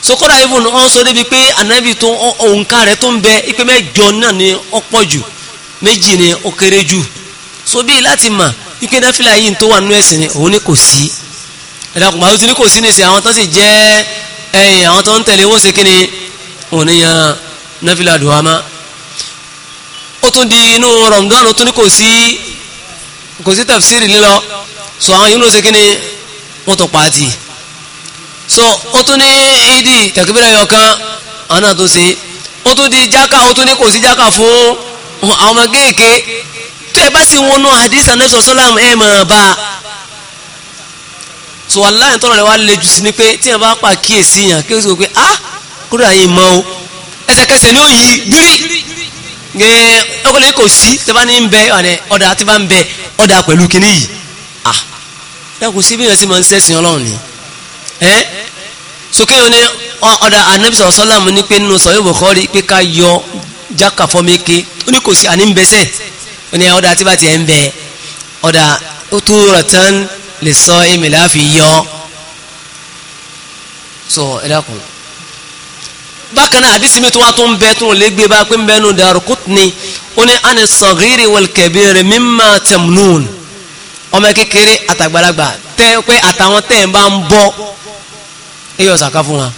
sokoda ibùn ọ̀n sọ débi pé anábì tó òǹkà rẹ̀ tó ń bẹ ipe mẹ́jọ náà ni ó pọ̀ jù méjì ni ó kéré jù so bí láti mà ike náfìlà yìí tó wà nínú ẹ̀sìn ni òun ni kò sí ẹ̀dàkùn bàbá tí ní kò sí ní ìsìn àwọn tó sì jẹ́ ẹ̀yìn àwọn tó ń tẹ̀lé owó sí kí ni òníyàn náfìlà dùhámá ó tún di inú rọ̀mùdánù tún ní kò sí kò sí tafsiri lílọ so àwọn yìí ló sí kí ni wọ́n tó pàtì so ó tún ní ìdí tẹ̀kíbílẹ̀ yọkan àwọn náà tó sí ó tún di jáka ó tún ní kò sí jáka fún àwọn ọmọ kéèké tó bá sì wọnú hadith anabi sọsọlá ẹ mọ̀ bá a so aláìní tọ́lọ̀ rẹ̀ wá le jù sí ni pé tí yẹn bá pa kíyèsí yàn kí o sì wò pé ah kúrò àyè mọ́ o ẹsẹ̀kẹsẹ̀ ni ó yí gírí gé ọkọlẹ́ kò sí tí a bá ní ń bẹ ọ̀dà tí a bá ń bẹ ọ̀dà pẹ̀lú kínní yìí ah dákun sí bí yẹn sì máa ń sẹ́sìn ọlọ́run ni ẹ́ sókè yẹn ni ọ̀dà anabi sọ̀rọ̀ sọ́làmù ni pé nínú sọ̀rọ̀ ìbùkọ́ rí pé ká yọ jáka fọ́mẹ́kẹ́ ó ní lè sọ èmi láàfi yọ so ẹ dákun bákan náà àdìsí mi tó wá tó ń bẹ tó ń lé gbé bá pé ń bẹ nù Daraqutni ó ní àni sọ̀gírì wal kabiri mimma tamnun ọmọ kékeré àtàgbàlagbà tẹ pé àtàwọn tẹ̀ ń bá ń bọ́ ẹ yọ sàká fún wa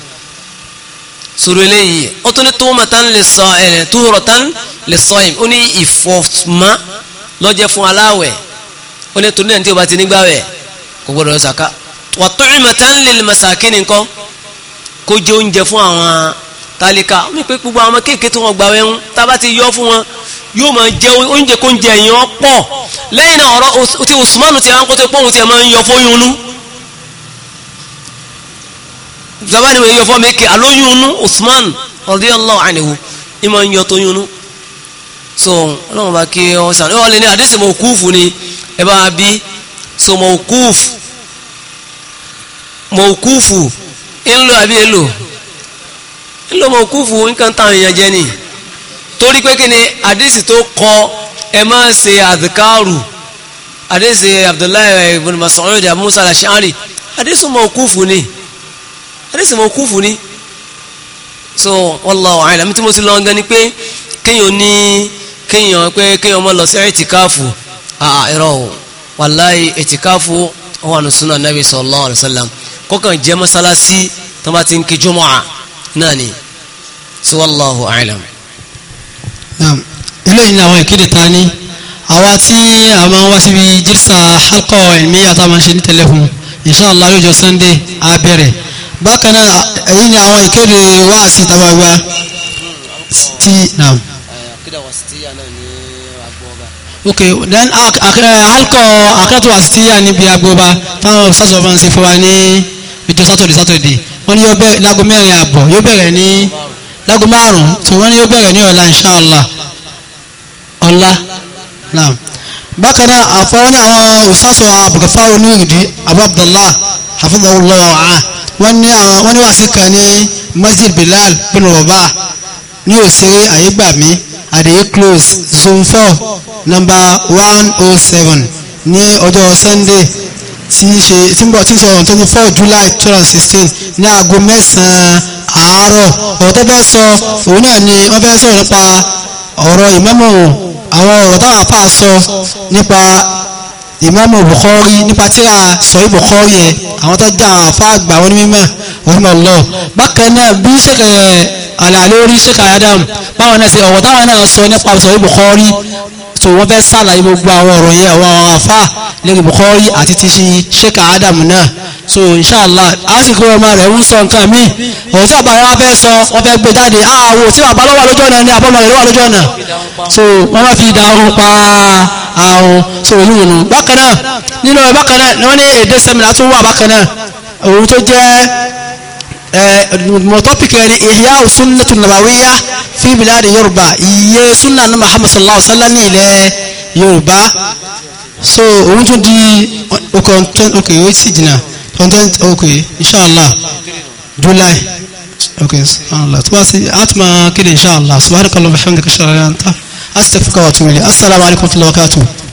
sọ̀rọ̀ eléyìí ó tún ní túmọ̀tán lè sọ ẹ̀rẹ̀ túrọ̀tán lè sọ ẹ̀ ó ní ìfọ̀sùnmá lọ́jẹ́ fún aláwẹ̀ ó ní torí náà tí o bá ti nígbàwẹ̀ kò gbọdọ̀ yọ zaka wa tu'matan lil masakin nǹkan kó jẹ oúnjẹ fún àwọn tálíkà mi pé gbogbo àwọn kéèké tí wọ́n gbà wẹ́hún tá a bá ti yọ fún wọn yóò máa jẹ oúnjẹ kó ń jẹ èèyàn pọ̀ lẹ́yìn náà ọ̀rọ̀ tí Usmanu ti àwọn kó tó pọ́hùn ti máa ń yọ fóyún nú bàbá ni wọ́n yọ fọ́ mi kí alóyún nú Usman radiyallahu anhu ni máa ń yọ tóyún nú so ọlọ́run bá kí ọ sàn ọ́ lè ní àdéhùn mọ̀ kúùfù ni ẹ bá bí so mọ̀kúf mọ̀kúfù ńlò àbí èlò ńlò mọ̀kúfù nǹkan táwọn èèyàn jẹ́ ni torí pé kí ni àdéhìsì tó kọ ẹ máa ń ṣe àdìkárù àdéhìsì Abdullahi ibn Mas'ud abu Musa al-Ash'ari àdéhìsì mọ̀kúfù ni àdéhìsì mọ̀kúfù ni so wallahu a'lam tí mo ti lọ gan ni pé kéèyàn ní kéèyàn pé kéèyàn mọ́ lọ sí ẹ̀tìkáàfù àà irọ́ wàláyé ètìkáfù wọn àná sunnah nabi sallallahu alayhi wa sallam kọkàn jẹ masalasi tó bá ti ń kí jumu'a náà ni so wallahu a'lam. naam eléyìí ni àwọn ìkéde ta ni àwa tí a máa ń wá síbi jírísà halqa ilmiya tá a máa ní tẹlifon inshallah lọ́jọ́ sunday a bákan náà èyí ni àwọn ìkéde wáàsí tábàgbà ti naam ok then alkọ akẹ́tọ̀ wá sí àníbi agbóba táwọn sásọ̀ bá ń ṣe fún wa ní ìjọ sátọ̀dé sátọ̀dé wọ́n ní yóò bẹ̀rẹ̀ lágo mẹ́rin àbọ̀ yóò bẹ̀rẹ̀ ní lágo márùn-ún tó wọ́n ní yóò bẹ̀rẹ̀ ní ọ̀la inṣáàlá ọ̀la naam bákan náà àfọwọ́n ní àwọn òṣàfọ̀ àbùkàfà onírìndí abu abdullah hafidhahullah wàá wọ́n ní wàásù kan ní masjid bilal bin rabah ní òṣèré àyégbàmí àdéhì close zone four number one oh seven ní ọjọ́ sunday tí ń ṣe tí ń bọ̀ tí ń ṣe on twenty four july two thousand sixteen ní aago mẹ́sàn-án àárọ̀ ọ̀rọ̀ tó bá sọ òun náà ni wọ́n fẹ́ sọ̀rọ̀ nípa ọ̀rọ̀ ìmáàmù àwọn ọ̀rọ̀ táwọn apá sọ nípa ìmáàmù bukhari nípa tíra sọ̀rí bukhari yẹn àwọn tó já àwọn apá àgbà wọn ní mímọ́ ọ̀hún ọ̀lọ́ bákan náà bí sẹ́kẹ̀ẹ́ àlàlórí Sheikh Adam báwọn náà ṣe ọ̀rọ̀ táwọn náà sọ nípa sọ̀rọ̀ Bukhari so wọ́n fẹ́ sàlàyé gbogbo àwọn ọ̀rọ̀ yẹn àwọn àwọn àfà lẹ́yìn Bukhari àti ti Sheikh Adam náà so inshallah àsìkò ọmọ rẹ̀ ń sọ nǹkan mi òun tí bàbá rẹ̀ wá fẹ́ sọ wọ́n fẹ́ gbé jáde ah, àwò tí bàbá lọ́wọ́ lójú ọ̀nà ni àbọ̀mọ̀ rẹ̀ wà lójú ọ̀nà so wọ́n wá fi ìdáhùn pa àrùn so òun ìrùn bákan náà nínú ẹ̀ bákan náà ni wọ́n ní èdè sẹ́mìnà tó wà bákan náà òun tó jẹ́ Eh, topic ẹni ihya sunnatu nabawiya fi biladi yorùbá iye sunna ní muhammad sallallahu alaihi wasallam ní ilẹ̀ so òun tún di ọkọ̀ ok ó sì jìnnà content ok inshallah july ok subhanallah tó bá sí atma kéde inshallah subhanallah kọlọmọ fẹmí kẹsàn-án ta astaghfiruka wa atubu ilayk assalamu alaikum wa rahmatullahi wa barakatuh.